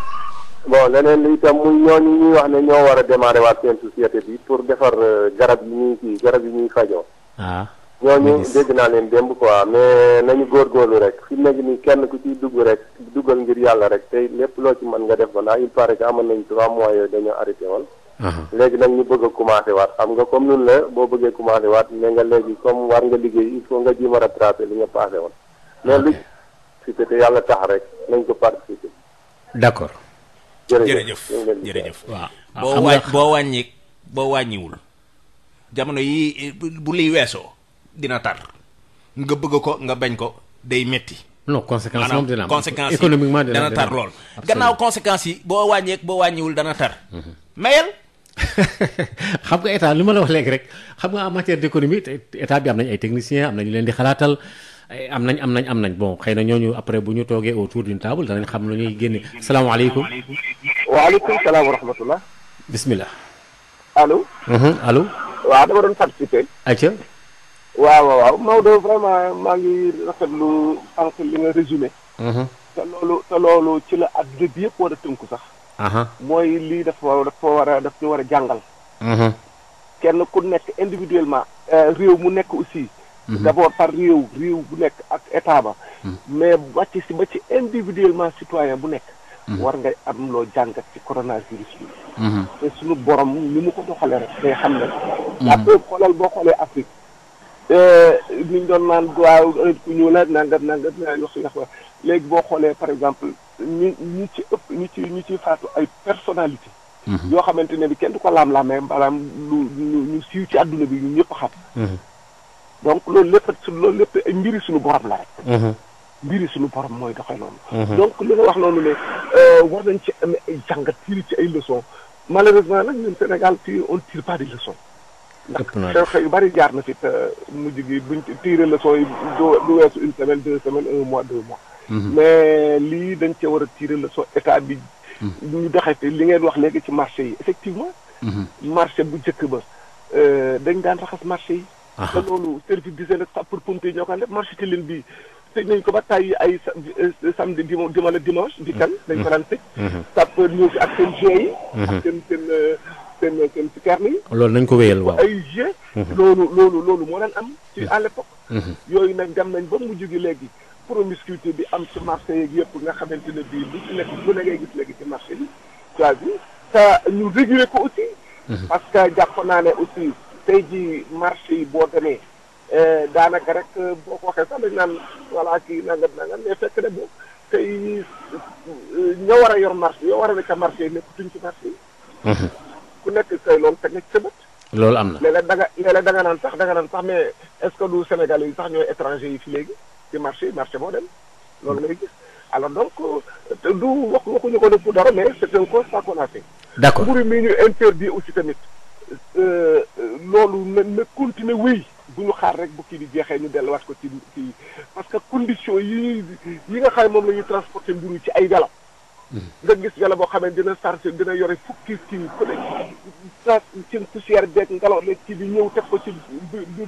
bon leneen li itam muy ñooñu ñuy wax ne ñoo war a demare waat seen société bi pour defar euh, garab yi ñuy kii garab yi ñuy fajoo. Ah. ñooñu dégg naa leen démb quoi mais nañu góorgóorlu rek fi nekk nii kenn ku ciy dugg rek dugal ngir yàlla rek te lépp loo ci mën nga def ko ndax il paraît que amoon nañu trois mois yooyu woon. léegi nag ñu bëgg a commencé waat xam nga comme nun la boo bëggee commencé waat ne nga léegi war nga liggéey il faut nga ji ma rattrapé li nga passé woon. mais lu ci te yàlla tax rek nañ ko participer. d'accord. jërëjëf jërëjëf waaw. boo wàññi boo wàññiwul jamono yi bu liy weesoo. dina tar nga bëgg ko nga bañ ko day metti non conséquence moom dina am conséquence économiquement dina tar lool. gannaaw conséquences yi boo wàññeek boo wàññiwul dana tar. Mhm. mayel xam nga état li ma la wax léegi rek xam nga en matière d'économie état bi am nañ ay technicien am nañu leen di xalaatal. am nañ am nañ am nañ bon xëy na ñooñu après bu ñu toogee autour d'une table danañ xam lu ñuy génne salaamaaleykum. waaleykum salaam wa rahmatulah. bisimilah. allo. Mhm, allo. waaw waaw waaw Maodo vraiment maa ngi rafet rafetlu sànq li nga résumé. Mhm. te loolu te loolu ci la adduna bi yëpp war a tënku sax. mooy lii dafa dafa war a daf ñu war a jàngal. Mhm. kenn ku nekk individuellement. Euh, réew mu nekk aussi. Mhm. d'abord par réew réew bu nekk ak état ba. mais wàcc si ba ci individuellement citoyen bu nekk. war nga am loo jàngat ci coronavirus bi. te suñu borom ni mu ko doxalee rek day xam ne. après xoolal boo xoolee Afrique. Euh, li ñu doon naan waaw nit ku ñuul la nangat nangat wax wax wax léegi boo xoolee par exemple ñi ñi ci ëpp ñi ci ñi ci faatu ay personnalité mhm. yoo xamante ne bi kenn du ko laam-laamee maanaam lu ñu siiw ci adduna bi ñu ñëpp xam mhm. donc loolu lépp su loolu lépp ay mbiri suñu borom la rek mhm. mbiri suñu borom mooy doxee noonu donc li nga wax noonu ne euh, war nañ ci amee ay jàngat tiiri ci ay leçons malheureusement nag ñun Sénégal fii on tire pas des leçons ndax xew yu bari jaar na fi mu mujj gi buñ tiire leçon yi du weesu une semaine deux semaines un mois deux mois. Mhm. mais lii dañ cee war a tiire leçon état bi. Mhm. ñu doxee te li ngeen wax léegi ci marché yi effectivement. Mhm. marché bu njëkk ba euh, dañ daan raxas marché yi. te loolu service d'hygiène ak sapeurs-pompiers ñoo ko def marché Tilène bii tëj nañ ko ba tàyyi ay euh, euh, samedi dima dima la dimanche. di kan dañ ko daan tëj. sapeurs ñëw ak seen GIE. ak seen seen. seen seen si carnet loolu nañ ko wéyal waaw ay jeu. Mhm. loolu loolu moo daan am. ci mhm. à l'époque. Mhm. yooyu nag dem nañ ba mujj gi léegi promiscuité bi am ci marché yeeg yëpp nga xamante ne bii lu ci nekk lu ne gis léegi ci marché bi. soit bi ñu réguler ko aussi. parce que jàpp naa ne aussi tey ji marché yi boo demee. Euh, daanaka rek euh, boo ko waxee sax dañ naan voilà kii nangam nangam mais fekk na boobu tey euh, ña war a yor marché yoo war a nekk marché yi nekkutuñ ci marché yi. ku nekk say loolu teg na ci sa bët. loolu am na léeg-léeg da nga naan sax da nga naan sax mais est-ce que du Sénégalais yi sax ñooy étranger yi fi léegi ci marché marché boo dem loolu ngay gis alors donc du wax waxuñu ko def pour dara mais c'est un constat qu'on a fait. d'accord mburu mi ñu interdit aussi tamit euh, loolu na na continuer wéy bu ñu xaar rek bu kii di jeexee ñu delluwaat ko ci ci parce que condition yi yi nga xam moom la ñuy transporter mburu ci ay galam. nga gis welo boo xamee dina chargé dina yore fukki kii ku ne sa seen poussière ngelaw leeg kii bi ñëw teg ko ci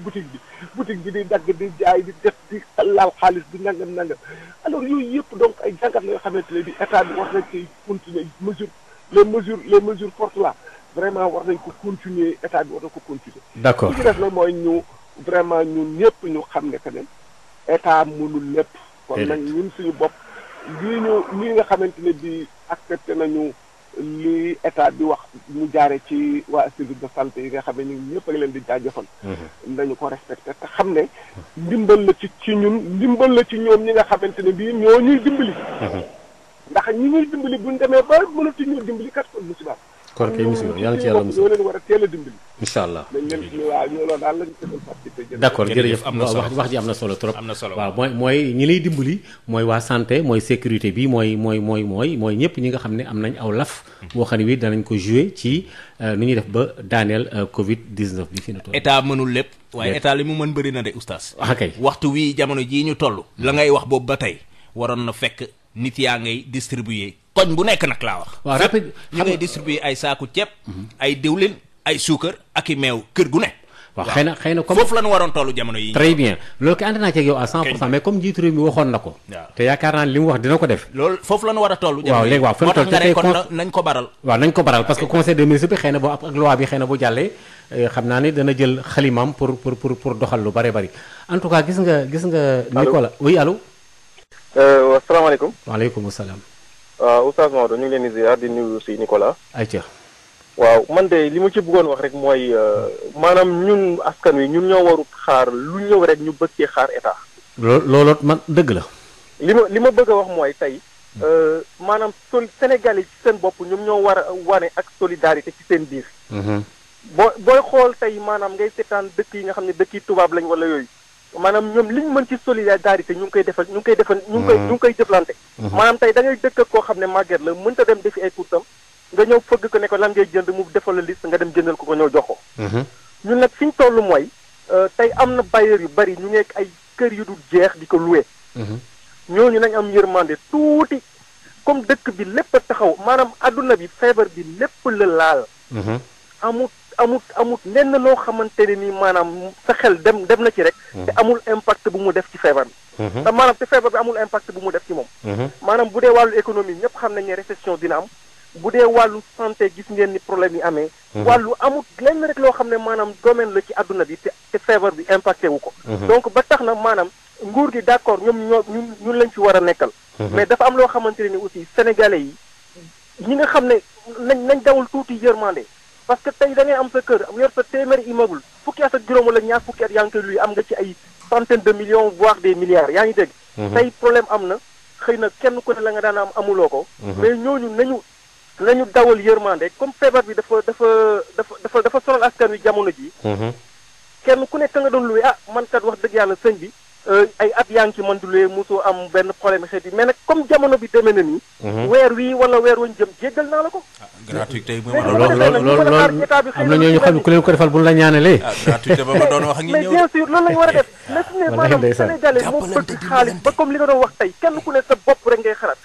boutique bi boutique bi di dagg di jaay di def di laal xaalis di nangam nangam alors yooyu yëpp donc ay jàngat la yoo xamante ne bi état bi war nañ koy continuer mesure les mesures les mesures fortes là vraiment war nañ ko continuer état bi war na ko continuer d'accord li ci def mooy ñu vraiment ñun ñëpp ñu xam ne que ne état mënul lépp kon nag ñun suñu bopp lii ñu lii nga xamante ne bii accepté nañu li état bi wax mu jaaree ci waa service de santé yi nga xam ne ñun ñëpp a leen di jaajëfal. Mhm. nañu ko respecté te xam ne ndimbal la ci ci ñun ndimbal la ci ñoom ñi nga xamante ne bii ñoo ñuy dimbali. Mhm. ndax ñu ñuy dimbali buñ demee ba mënatuñoo dimbali kat kon musibaam. koor yàlla na ci yàlla misi leen war accord jërëjëf am na solo wax ji am na solo trop am na solo waaw mooy mooy ñi lay dimbali mooy waa santé mooy sécurité bi mooy mooy mooy mooy mooy ñëpp ñi nga xam ne am nañ aw laf boo xam ne wi danañ ko joué ci euh, nu ñuy def ba daaneel euh, covid 19 bi fi na toll état mënul lépp waaye état li mu mën bëri na de oustaz ah, kay waxtu wi jamono jii ñu toll la ngay wax boobu ba tey waroon na fekk nit yaa ngay distribuer koñ bu nekk nag laa wax. waaw rapide ñu ay saaku ceeb. ay diwlin ay suukar ak i meew kër gu ne. waaw xëy na xëy comme foofu la waroon tollu jamono yi. très bien loolu ko ànd naa ci yow à 100% mais comme njiitu réew mi waxoon ko. waaw te yaakaar naa ko def. loolu foofu la ñu war a toll. jamono yi waaw léegi waaw fan toll kon nañ ko baral. waaw nañ ko baral parce que conseil des ministres bi xëy na boo ak loi bi xëy na bu jàllee euh, xam naa ne dana jël xalimam pour pour pour pour doxal lu bari bari en gis nga gis nga. allo Nicolas oui allo. Euh, wa salaamaaleykum. salaam. waaw euh, Oustaz Maodo ñu ngi leen di ziar di nuyu si ay ayca. waaw man de li ma ci bëggoon wax rek mooy euh, maanaam ñun askan wi ñun ñoo warut xaar lu ñëw rek ñu bëgg cee xaar état. loo looloot man dëgg la. li ma li ma bëgg a wax mooy tey. Euh, maanaam sol Sénégal yi ci seen bopp ñoom ñoo war a wane ak solidarité ci seen biir. Mhm. boo booy xool tey maanaam ngay seetaan dëkk yi nga xam ne dëkk yi tubaab lañu wala yooyu. maanaam ñoom liñ mën ci solidarité ñu ngi koy defal ñu ngi koy defal ñu ngi koy mm. ñu ngi koy mm-hmm. maanaam tey dangay ngay dëkk ak koo xam ne màgget la mënta dem defi ay kursam nga ñëw fëgg ko ne ko lan ngay jënd mu defal la liste nga dem jëndal ko ko ñëw jox ko mm-hmm. ñun nag fi ñu toll mooy euh, tey am na bailleur yu bari ñu nekk ay kër yu dul jeex di ko loué mm-hmm. ñooñu nañ am yërmande tuuti comme dëkk bi lépp a taxaw maanaam àdduna bi feebar bi lépp la laal amul amut amut lenn loo xamante ne nii maanaam sa xel dem dem na ci rek. Mhm. te amul impact bu mu def ci feebar bi. Mhm. te maanaam te feebar bi amul impact bu mu def ci moom. Mhm. maanaam bu dee wàllu économie ñëpp xam nañ ne récession dina am. bu dee wàllu santé gis ngeen ni problème yi amee. wàllu amut lenn rek loo xam ne maanaam domaine la ci àdduna bi te te feebar bi impacté wu ko. donc ba tax na maanaam nguur gi d' accord ñoom ñoo ñu ñun lañ fi war a nekkal. mais dafa am loo xamante ne ni aussi sénégalais yi ñi nga xam ne nañ nañ dawal tuuti yërmande. parce que tey da am sa kër yor sa téeméeri immeuble fukki at ak juróom wala ñaar fukki at yaa ngi koy luy am nga ci ay centaine de millions voire des milliards yaa ngi dégg. Mhm. tey problème am na xëy na kenn ku ne la nga daan am amuloo ko. Mhm. mais ñooñu nañu nañu dawal yërmande comme feebar bi dafa dafa dafa dafa dafa sonal askan wi jamono ji mhm. kenn ku nekk nga doon luy ah man kat wax dëgg yàlla sëñ bi. Euh, ay at yaa ngi ci mën dulee mosoo am benn problème xeet yi mais nag comme jamono bi demee na nii. Mhm. Ah, na ah, a def. mais su ne maanaam sénégalais moo bëgg xaalis ba wax kenn ku ne sa bopp rek ngay xalaat.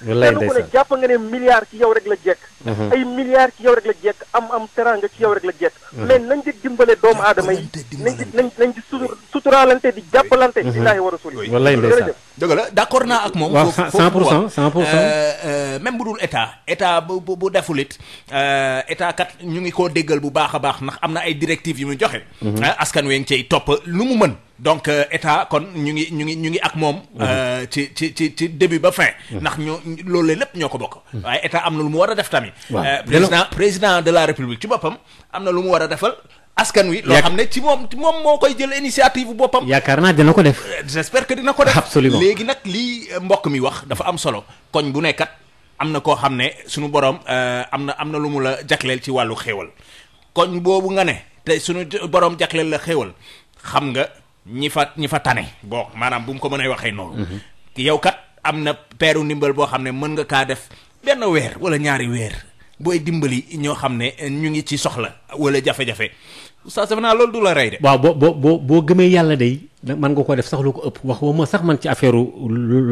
kenn la jekk. Mhm. ay milliards ci yow rek la jekk am am teranga ci la jekk. Mhm. mais nañ di dimbale doomu aadama yi nañ di nañ di suturaalante di jàppalante rasul yi wallaay ndeysaan dëgg la d'accord naa ak moom waaw cent pour cent cent pour cent euh, euh, même bu dul état état bu bu defulit euh, état ñu ngi koo déggal bu baax a baax ndax am na ay directives yu muy joxe mhm. askan wee ngi cay topp lu mu mën donc état kon ñu ngi ñu ngi ñu ngi ak moom mhm. ci ci ci ci début ba fin mhm. ndax ñoo loolu lépp ñoo ko bokk waaye état am na lu mu war a def tamit président président de la république ci boppam am na lu mu war a defal askan wi. loo xam ne ci moom moom moo koy jël initiative boppam. yaakaar naa dina ko def. j'espère que dina ko def. léegi nag lii euh, mbokk mi wax dafa am solo koñ bu nekkat am na koo xam ne suñu borom euh, am na am na lu mu la jagleel ci wàllu xéewal koñ boobu nga ne tey suñu borom jagleel la xéewal xam nga ñi fa ñi fa tane. bon maanaam bu mu ko mënee waxee noonu. Mhm. yow kat am na peeru ndimbal boo xam ne mën nga kaa def benn weer wala ñaari weer. booy dimbali ñoo xam ne ñu ngi ci soxla wala jafe-jafe saa defe naa loolu du la rey de. waaw boo boo boo boo gëmee yàlla dey man nga koo def sax lu ko ëpp wax ma sax man ci affaire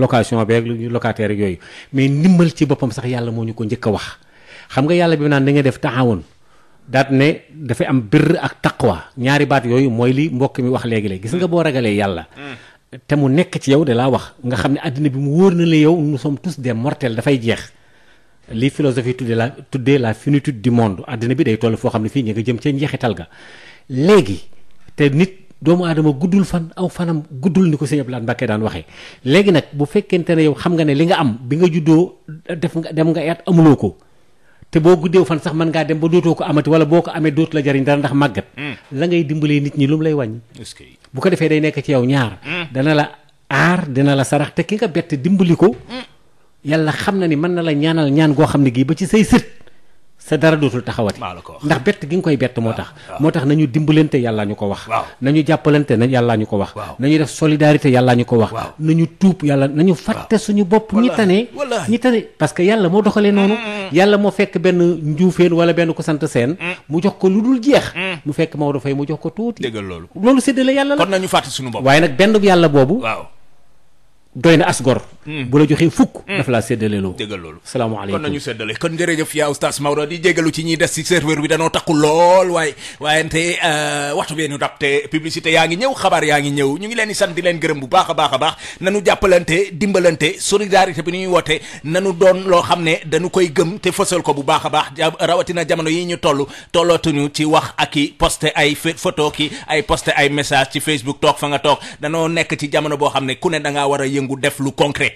location beeg locataire yooyu mais ndimbal ci boppam sax yàlla moo ñu ko njëkk a wax xam nga yàlla bi naan da nga def taxawoon daat ne dafay am birr ak taqwa ñaari baat yooyu mooy li mbokk mi wax léegi léegi gis nga boo ragalee yàlla. te mu nekk ci yow de laa wax nga xam ne àddina bi mu wóor na la yow nous sommes tous dafay jeex. li philosophie tuddee la tuddee la finitude du monde àddina bi day toll foo xam ne fii ñu nga jëm ca njeexital ga léegi te nit doomu aadama guddul fan aw fanam guddul ni ko sëñ Abdoulaye Mbacké daan waxee léegi nag bu fekkente ne yow xam nga ne li nga am bi nga juddoo def nga dem nga yaat amuloo ko te boo guddee fan sax mën ngaa dem ba dootoo ko amati wala boo ko amee dootu la jariñ dara ndax màggat hmm. la ngay dimbalee nit ñi lu mu lay wàññi bu ko defee day nekk ci yow ñaar hmm. dana la aar dina la sarax te ki nga dimbali ko hmm. yàlla xam na ni mën na la ñaanal ñaan goo xam ne gii ba ci say sët sa dara dootul taxawati ndax bett gi nga koy bett moo tax moo tax na ñu dimbalente yàlla ñu ko wax nañu jàppalante na yàllaa ñu ko wax nañu def solidarité yàllaa ñu ko wax nañu tuub yàlla na nañu fàtte suñu bopp ñi tane ñi tane parce que yàlla moo doxalee noonu yàlla moo fekk benn njuufeen wala benn ku sant seen mm. mu jox ko lu dul jeex mm. mu fekk Maodo Faye mu jox ko tuuti dëggal loolu loolu séddale yàlla la nañu fàtte suñu bopp waaye nag benn yàlla boobu doy na as gor. Hmm. bu la joxee fukk. Hmm. dafa laa séddale loo. dëggal loolu salaamaaleykum kon nañu séddale kon jërëjëf yaa oustaz Maodo di jégalu ci ñiy des ci serveur bi danoo takku lool waaye waaye te euh, waxtu bee ñu dab te publicité yaa ngi ñëw xabaar yaa ngi ñëw ñu ngi leen di sant di leen gërëm bu baax a baax a baax nanu jàppalante dimbalante solidarité bi ni ñuy woote nanu doon loo xam ne danu koy gëm te fësal ko bu baax a baax rawatina jamono yi ñu toll tollootuñu ci wax ak i posté ay photo ki ay posté ay message ci Facebook toog fa nga toog danoo nekk ci jamono boo xam ne ku ne da ngaa yëngu def lu concret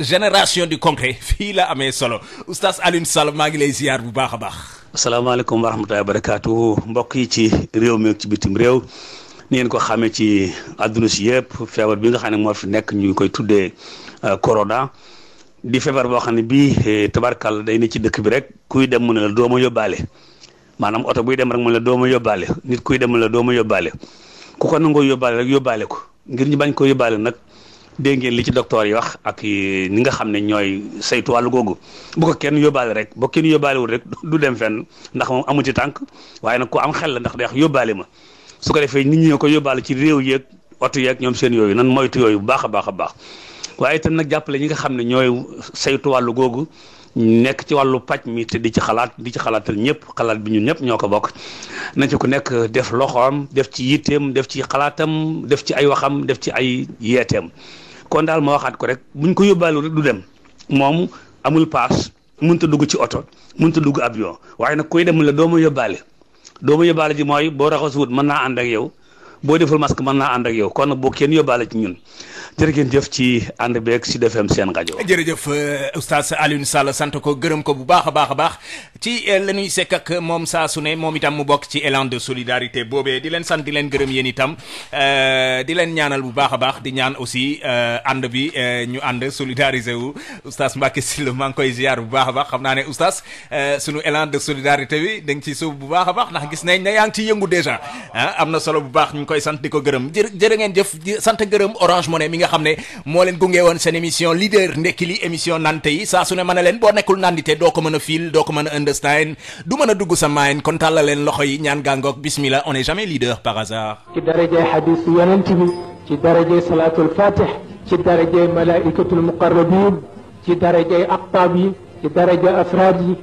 génération du concret fii la amee solo oustaz Alioune Sall maa ngi lay ziar bu baax a baax. asalaamaaleykum wa rahmatullahi wa mbokk yi ci réew mi ci bitim réew ni ngeen ko xamee ci àdduna si yëpp feebar bi nga xam ne moo fi nekk ñu ngi koy tuddee euh, corona. di feebar boo xam ne bii eh, tabarkàlla day ne ci dëkk bi rek kuy dem mu ne la dooma yóbbaale maanaam oto buy dem rek mu ne la dooma yóbbaale nit kuy dem mu ne la dooma yóbbaale ku ko nangoo yóbbaale rek yóbbaale ko ngir ñu bañ ko yóbbaale nag dégg ngeen li ci docteur yi wax ak ni nga xam ne ñooy saytu wàllu googu bu ko kenn yóbbaale rek bu kenn yóbbaalewul rek du dem fenn ndax moom amu ci tànk waaye nag ko am xel la ndax day yóbbaale ma su ko defee nit ñi ko yóbbaale ci réew yeeg oto yeeg ñoom seen yooyu nan moytu yooyu bu baax a baax baax waaye itam nag jàppale ñi nga xam ne ñooy saytu wàllu googu nekk ci wàllu paj mi te di ci xalaat di ci xalaatal ñëpp xalaat bi ñun ñëpp ñoo ko bokk na ci ku nekk def loxoom def ci yitteem def ci xalaatam def ci ay waxam def ci ay yeeteem kon daal ma waxaat ko rek buñ ko yóbbaalu rek du dem moom amul paas mënut a dugg ci oto mun a dugg avion waaye nag kuy dem la doo ma yóbbaale doo ma yóbbaale ji mooy boo raxasuwut mën naa ànd ak yow boo deful masque mën naa ànd ak yow kon nag boo kenn yóbbaale ci ñun jërë ngeen jëf ci ànd beeg Sud FM seen rajo. jërëjëf euh, oustaz Alioune Sall sant ko gërëm ko bu baax a baax a baax ci euh, la ñuy ak moom saa su ne moom itam mu bokk ci élan de solidarité boobee di leen sant di leen gërëm yéen itam euh, di leen ñaanal bu baax a baax di ñaan aussi ànd bi ñu ànd solidariser wu oustaz Mbacke Sylla maa koy ziar bu baax a baax xam naa ne oustaz sunu élan de solidarité bi da nga ciy bu baax a baax ndax gis nañ ne yaa ngi ciy yëngu dèjà ah, am na solo bu baax ñu ngi koy sant di ko gërëm xam ne moo leen gunge woon seen émission leader ndekki li émission nante yi saa su ne leen boo nekkul nandite doo ko mën a fil a understand a kon tàlla leen loxo yi ñaan gàngoog bismillah on est jamais leader par hasard ci darajay xadis yonent bi ci darajay salaatul fatih ci darajay malaikatul muqarrabin ci darajay aqtaab yi ci daraja afraad yi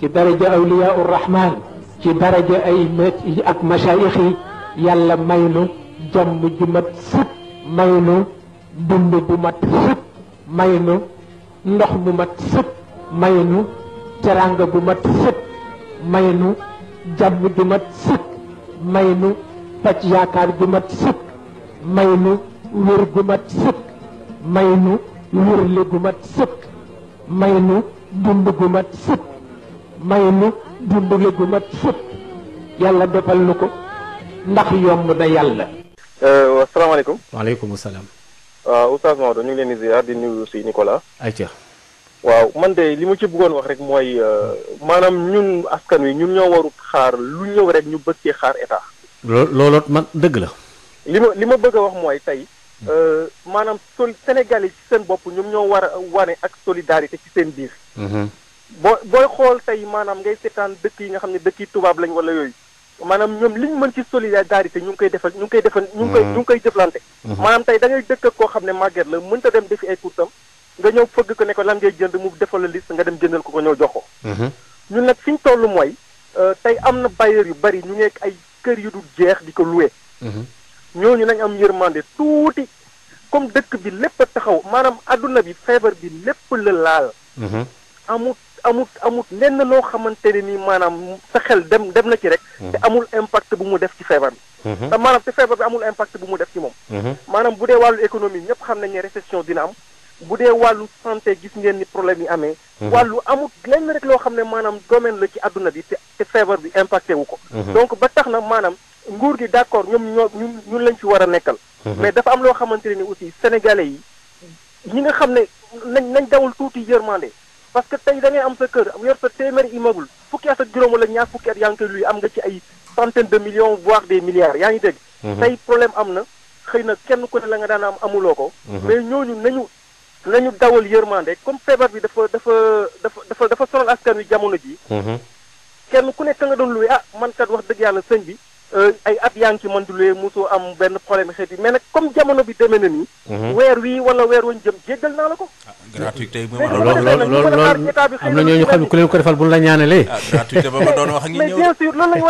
ci daraja awliyaa rahmaan ci daraja ay ak masaayix yi yàlla may nu jàmm ju mat sëkk may dund bu mat sëpp may nu ndox mu mat sëpp may nu teranga bu mat sëpp may nu jàmm ju mat sëpp may nu paj yaakaar mat sëpp may nu wér gu mat sëpp may nu wérle gu mat sëpp may nu dund gu mat sëpp may nu dundle gu mat sëpp yàlla defal nu ko ndax yomb na yàlla. Euh, wa salaamaaleykum. waaleykum salaam. waaw euh, Oustaz Maodo ñu ngi leen di ziar di nuyu si Nicolas. ayca. waaw man de li ma ci bëggoon wax rek mooy euh, maanaam ñun askan wi ñun ñoo warut xaar lu ñëw rek ñu bëgg cee xaar état. loo looloot man dëgg la. li ma li ma bëgg a wax mooy tey. Euh, maanaam sol Sénégal yi ci seen bopp ñoom ñoo war a wane ak solidarité ci seen biir. Mm-hmm. boo booy xool tey maanaam ngay seetaan dëkk yi nga xam ne dëkk yi tubaab lañ wala yooyu. maanaam ñoom liñ mën ci solidarité ñu ngi koy defal ñu ngi koy defal ñu ngi koy mm. ñu ngi koy mm-hmm. maanaam tey dangay ngay dëkk ak koo xam ne màgget la mënta dem defi ay kursam nga ñëw fëgg ko ne ko lan ngay jënd mu defal la liste nga dem jëndal ko ko ñëw jox ko mm-hmm. ñun nag fi ñu toll mooy euh, tey am na bailleur yu bari ñu nekk ay kër yu dul jeex di ko loué mm-hmm. ñooñu nañ am yërmande tuuti comme dëkk bi lépp a taxaw maanaam àdduna bi feebar bi lépp la laal amul amut amut lenn loo xamante ne nii maanaam sa xel dem dem na ci rek. Mhm. te amul impact bu mu def ci feebar bi. Mhm. te maanaam te feebar bi amul impact bu mu def ci moom. Mhm. maanaam bu dee wàllu économie ñëpp xam nañ ne récession dina am. bu dee wàllu santé gis ngeen ni problème yi amee. wàllu amut lenn rek loo xam ne maanaam domaine la ci àdduna bi te feebar bi impacté wu ko. donc ba tax na maanaam nguur gi d' accord ñoom ñoo ñu ñun lañ fi war a nekkal. mais dafa am loo xamante ne ni aussi yi ñi nga xam ne nañ nañ dawal tuuti yërmande. parce que tey da am sa kër yor sa téeméeri immeuble fukki at ak juróom wala ñaar fukki at yaa ngi koy luy am nga ci ay centaine de million voire des milliards yaa ngi dégg. Mhm. tey problème am na xëy na kenn ku ne la nga daan am amuloo ko. Mhm. mais ñooñu nañu nañu dawal yërmande comme feebar bi dafa dafa dafa dafa dafa sonal askan wi jamono ji mhm. kenn ku nekk nga doon luy ah man kat wax dëgg yàlla sëñ bi. Euh, ay at yaa ngi ci mën di mosoo am benn problème xeet yi mais nag comme jamono bi demee na nii. Mhm. weer wi wala weer woon jëm jéggal naa la ko. ah gratuité bi loolu na ñooñu ah, war a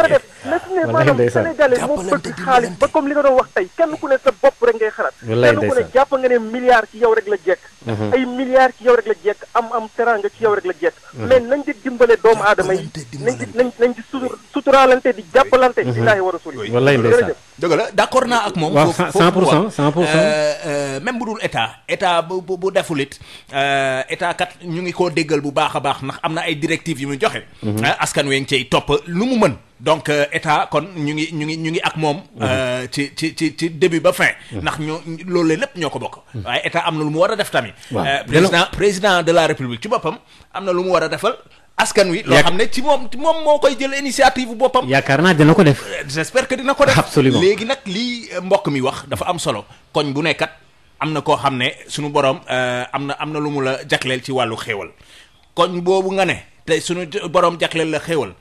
def. mais su ne bëgg xaalis ba comme li nga doon wax tey kenn ku ne sa bopp rek ngay xalaat. kenn ku ne jàpp nga ne milliards ci yow rek la jekk. Mhm. ay milliards ci yow rek la jekk am am teranga ci yow rek la jekk. Mhm. mais nañ di dimbale doomu aadama yi nañ di nañ di suñu suturaalante di jàppalante. billaahi wa rasuuli. wallaay ndeysaan dëgg la d' accord naa ak moom. waaw 100 pour cent 100 pour euh, euh, même bu dul état état bu bu bu defulit euh, état kat ñu ngi koo déggal bu baax a baax ndax am na ay directives yu muy joxe. Mhm. askan wi ngi cay topp lu mu mën. donc état kon ñu ngi ñu ngi ñu ngi ak moom. Mhm. ci ci ci ci début ba fin. Mhm. ndax ñoo loolu lépp ñoo ko bokk. waaye état am na lu mu war a def tamit. président président de la république ci boppam am na lu mu war a defal. askan wi. loo xam ne ci moom moom moo koy jël initiative boppam. yaakaar naa dina ko def. j'espère que dina ko def. léegi nag lii euh, mbokk mi wax dafa am solo koñ bu nekkat am na koo xam ne suñu borom euh, am na am na lu mu la jagleel ci wàllu xéewal koñ boobu nga ne tey suñu borom jagleel la xéewal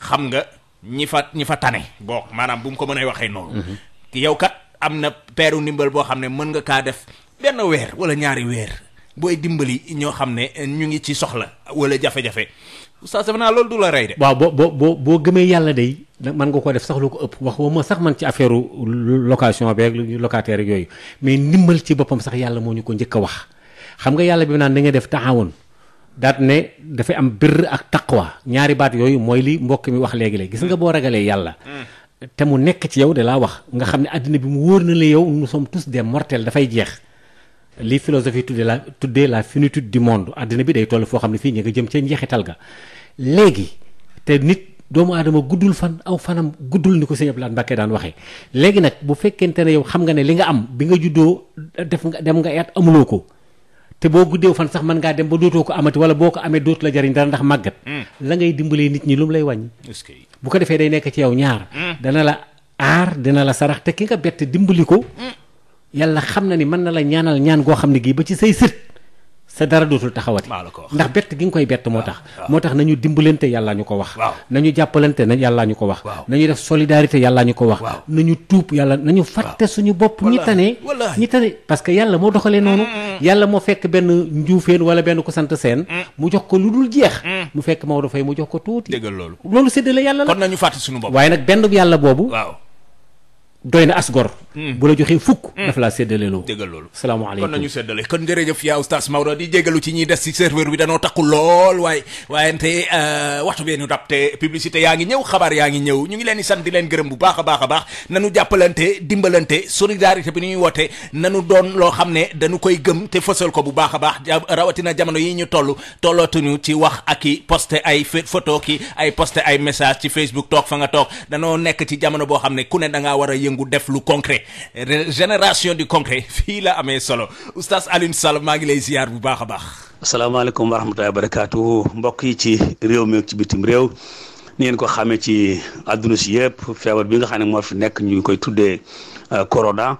xam nga ñi fa ñi fa tane. bon maanaam bu mu ko mënee waxee noonu. Mhm. yow kat am na peeru ndimbal boo xam ne mën nga kaa def benn weer wala ñaari weer booy dimbali ñoo xam ne ñu ngi ci soxla wala jafe-jafe. oustaz defe naa loolu du la rey de. waaw boo boo boo boo gëmee yàlla day man nga koo def sax lu ko ëpp wax ma sax man ci affaire location beeg locataire ak yooyu mais ndimbal ci boppam sax yàlla moo ñu ko njëkk a wax xam nga yàlla bi naan da nga def taxawoon daat ne dafay am birr ak taq taqwa ñaari baat yooyu mooy li mbokk mi wax léegi léegi gis nga boo ragalee yàlla. te mu nekk ci yow de laa wax nga xam ne àddina bi mu wóor na la yow mu sommes tous de mortels dafay jeex. li philosophie tuddee la tuddee la finitude du monde àddina bi day toll foo xam ne fii ñu nga jëm ca njeexital ga léegi te nit doomu aadama guddul fan aw fanam guddul ni ko sëñ Abdoulaye Mbacké daan waxee léegi nag bu fekkente ne yow xam nga ne li nga am bi nga juddoo def nga dem nga yaat amuloo ko te boo guddee fan sax mën ngaa dem ba dootoo ko amati wala boo ko amee dootu la jariñ dara ndax màggat hmm. la ngay dimbalee nit ñi lu mu lay wàññi bu ko defee day nekk ci yow ñaar hmm. dana la aar dina la sarax te ki nga dimbali ko hmm. yàlla xam na ni mën na la ñaanal ñaan goo xam ne gii ba ci say sët sa dara dootul taxawati ndax bett gi nga koy bett moo tax moo tax na nañu dimbalante yàlla ñu ko wax nañu jàppalante na yàllaa ñu ko wax nañu def solidarité yàlla ñu ko wax na nañu tuub yàlla nañu fàtte suñu bopp ñi tane ñi tane parce que yàlla moo doxalee noonu yàlla moo fekk benn njuufeen wala benn ku sant seen mm. mu jox ko lu dul jeex mm. mu fekk Maodo Faye mu jox ko tuuti dëggal loolu loolu séddale yàlla la kon nañu suñu bopp waaye nag benn yàlla boobu doy na as gor. Hmm. bu la joxee fukk. Hmm. daf laa séddale loo. déggal loolu salaamaaleykum kon nañu séddale kon jërëjëf yaa oustaz Maodo di jégalu ci ñiy des ci serveur bi danoo takku lool waaye waaye te euh, waxtu bee ñu dab te publicité yaa ngi ñëw xabaar yaa ngi ñëw ñu ngi leen di san di leen gërëm bu baax a baax a baax nanu jàppalante dimbalante solidarité bi ni ñuy woote nanu doon loo xam ne danu koy gëm te fësal ko bu baax a baax rawatina jamono yi ñu toll tollootuñu ci wax ak i posté ay photo ki ay posté ay message ci Facebook toog fa toog danoo nekk ci jamono boo xam ne ku ne da a yëngu def lu concret génération du concret fii la amee solo oustaz Alioune Sall maa ngi lay ziar bu baax a baax. asalaamaaleykum wa rahmatullahi wa barakaatu mbokk yi ci réew mi ci bitim réew ni ngeen ko xamee ci àdduna si yëpp feebar bi nga xam ne moo fi nekk ñu ngi koy tuddee euh, corona.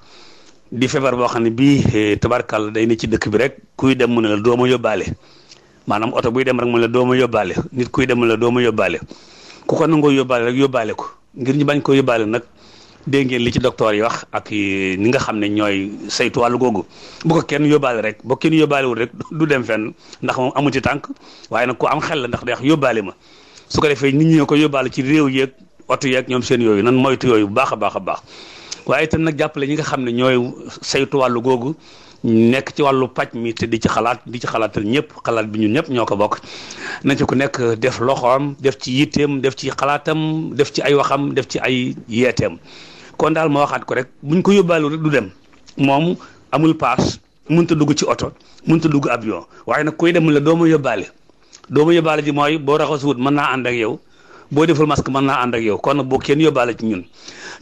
di feebar boo xam ne bii eh, tabarkàlla day ne ci dëkk bi rek kuy dem mu ne la dooma yóbbaale maanaam oto buy dem rek mu ne la dooma yóbbaale nit kuy dem mu ne la dooma yóbbaale ku ko nangoo yóbbaale rek yóbbaale ko ngir ñu bañ ko yóbbaale nag dégg ngeen li ci docteur yi wax ak ni nga xam ne ñooy saytu wàllu googu bu ko kenn yóbbaale rek bu kenn yóbbaalewul rek du dem fenn ndax moom amu ci tànk waaye nag ko am xel la ndax day yóbbaale ma su ko defee nit ñi ko yóbbaale ci réew yeeg oto yeeg ñoom seen yooyu nan moytu yooyu baax a baax a baax waaye itam nag jàppale ñi nga xam ne ñooy saytu wàllu googu nekk ci wàllu paj mi te di ci xalaat di ci xalaatal ñëpp xalaat bi ñun ñëpp ñoo ko bokk na ci ku nekk def loxoom def ci yitteem def ci xalaatam def ci ay waxam def ci ay yeeteem kon daal ma waxaat ko rek buñ ko yóbbaalu rek du dem moom amul paas mun a dugg ci oto mun a dugg avion waaye nag kuy demul la doomu yóbbaale doo ma yóbbaale ji mooy boo raxasuwut mën naa ànd ak yow boo deful masque mën naa ànd ak yow kon nag boo kenn yóbbaale ci ñun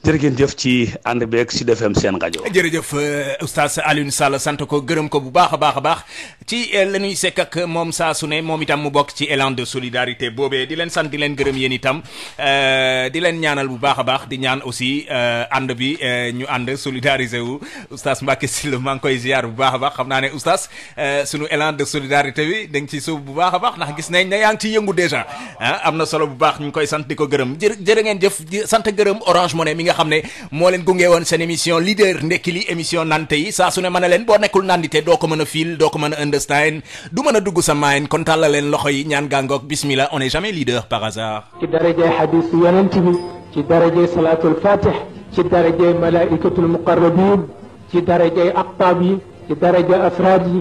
jërë ngeen jëf ci ànd beeg Sud FM seen rajo. jërëjëf euh, oustaz Alioune Sall sant ko gërëm ko bu baax a baax a baax ci euh, la ñuy sekk moom saa su ne moom itam mu bokk ci élan de solidarité boobee di leen sant di leen gërëm yéen itam euh, di leen ñaanal bu baax a baax di ñaan aussi ànd bi ñu ànd solidarisé wu oustaz Mbacke Sylla maa ngi koy ziar bu baax a baax xam naa ne oustaz sunu élan de solidarité bi da nga ciy sóobu bu baax a baax ndax gis nañ ne yaa ngi ciy yëngu dèjà ah, am na solo bu baax ñu ngi koy sant di ko gërëm xam ne moo leen gunge woon seen émission leader ndekki émission nante yi saa ma leen boo nekkul nandite doo ko mën a fil doo a understand du mën a dugg sa maayin kon tàllal leen loxo yi ñaan gàngoog bismillah on est jamais leader par hasard. ci darajay xadis yonent bi ci darajay salaatul fatih ci darajay malaikatul muqarrabin ci darajay aqtaab ci daraja afraad yi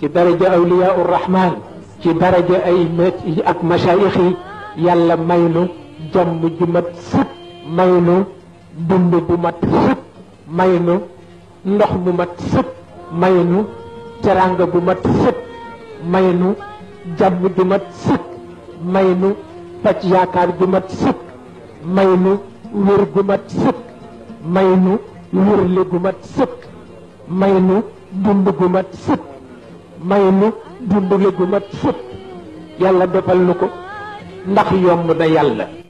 ci daraja awliyaa rahmaan ci daraja ak masaayix yi yàlla may nu jàmm ju mat dund bu mat sëpp may nu ndox mu mat sëpp may nu teranga bu mat sëpp may nu jàmm ju mat sëkk may nu paj yaakaar ju mat sëkk may nu wér gu mat sëkk may nu wérle gu mat sëkk may nu dund gu mat sëkk may nu dundle gu mat sëkk yàlla defal nu ko ndax yomb na yàlla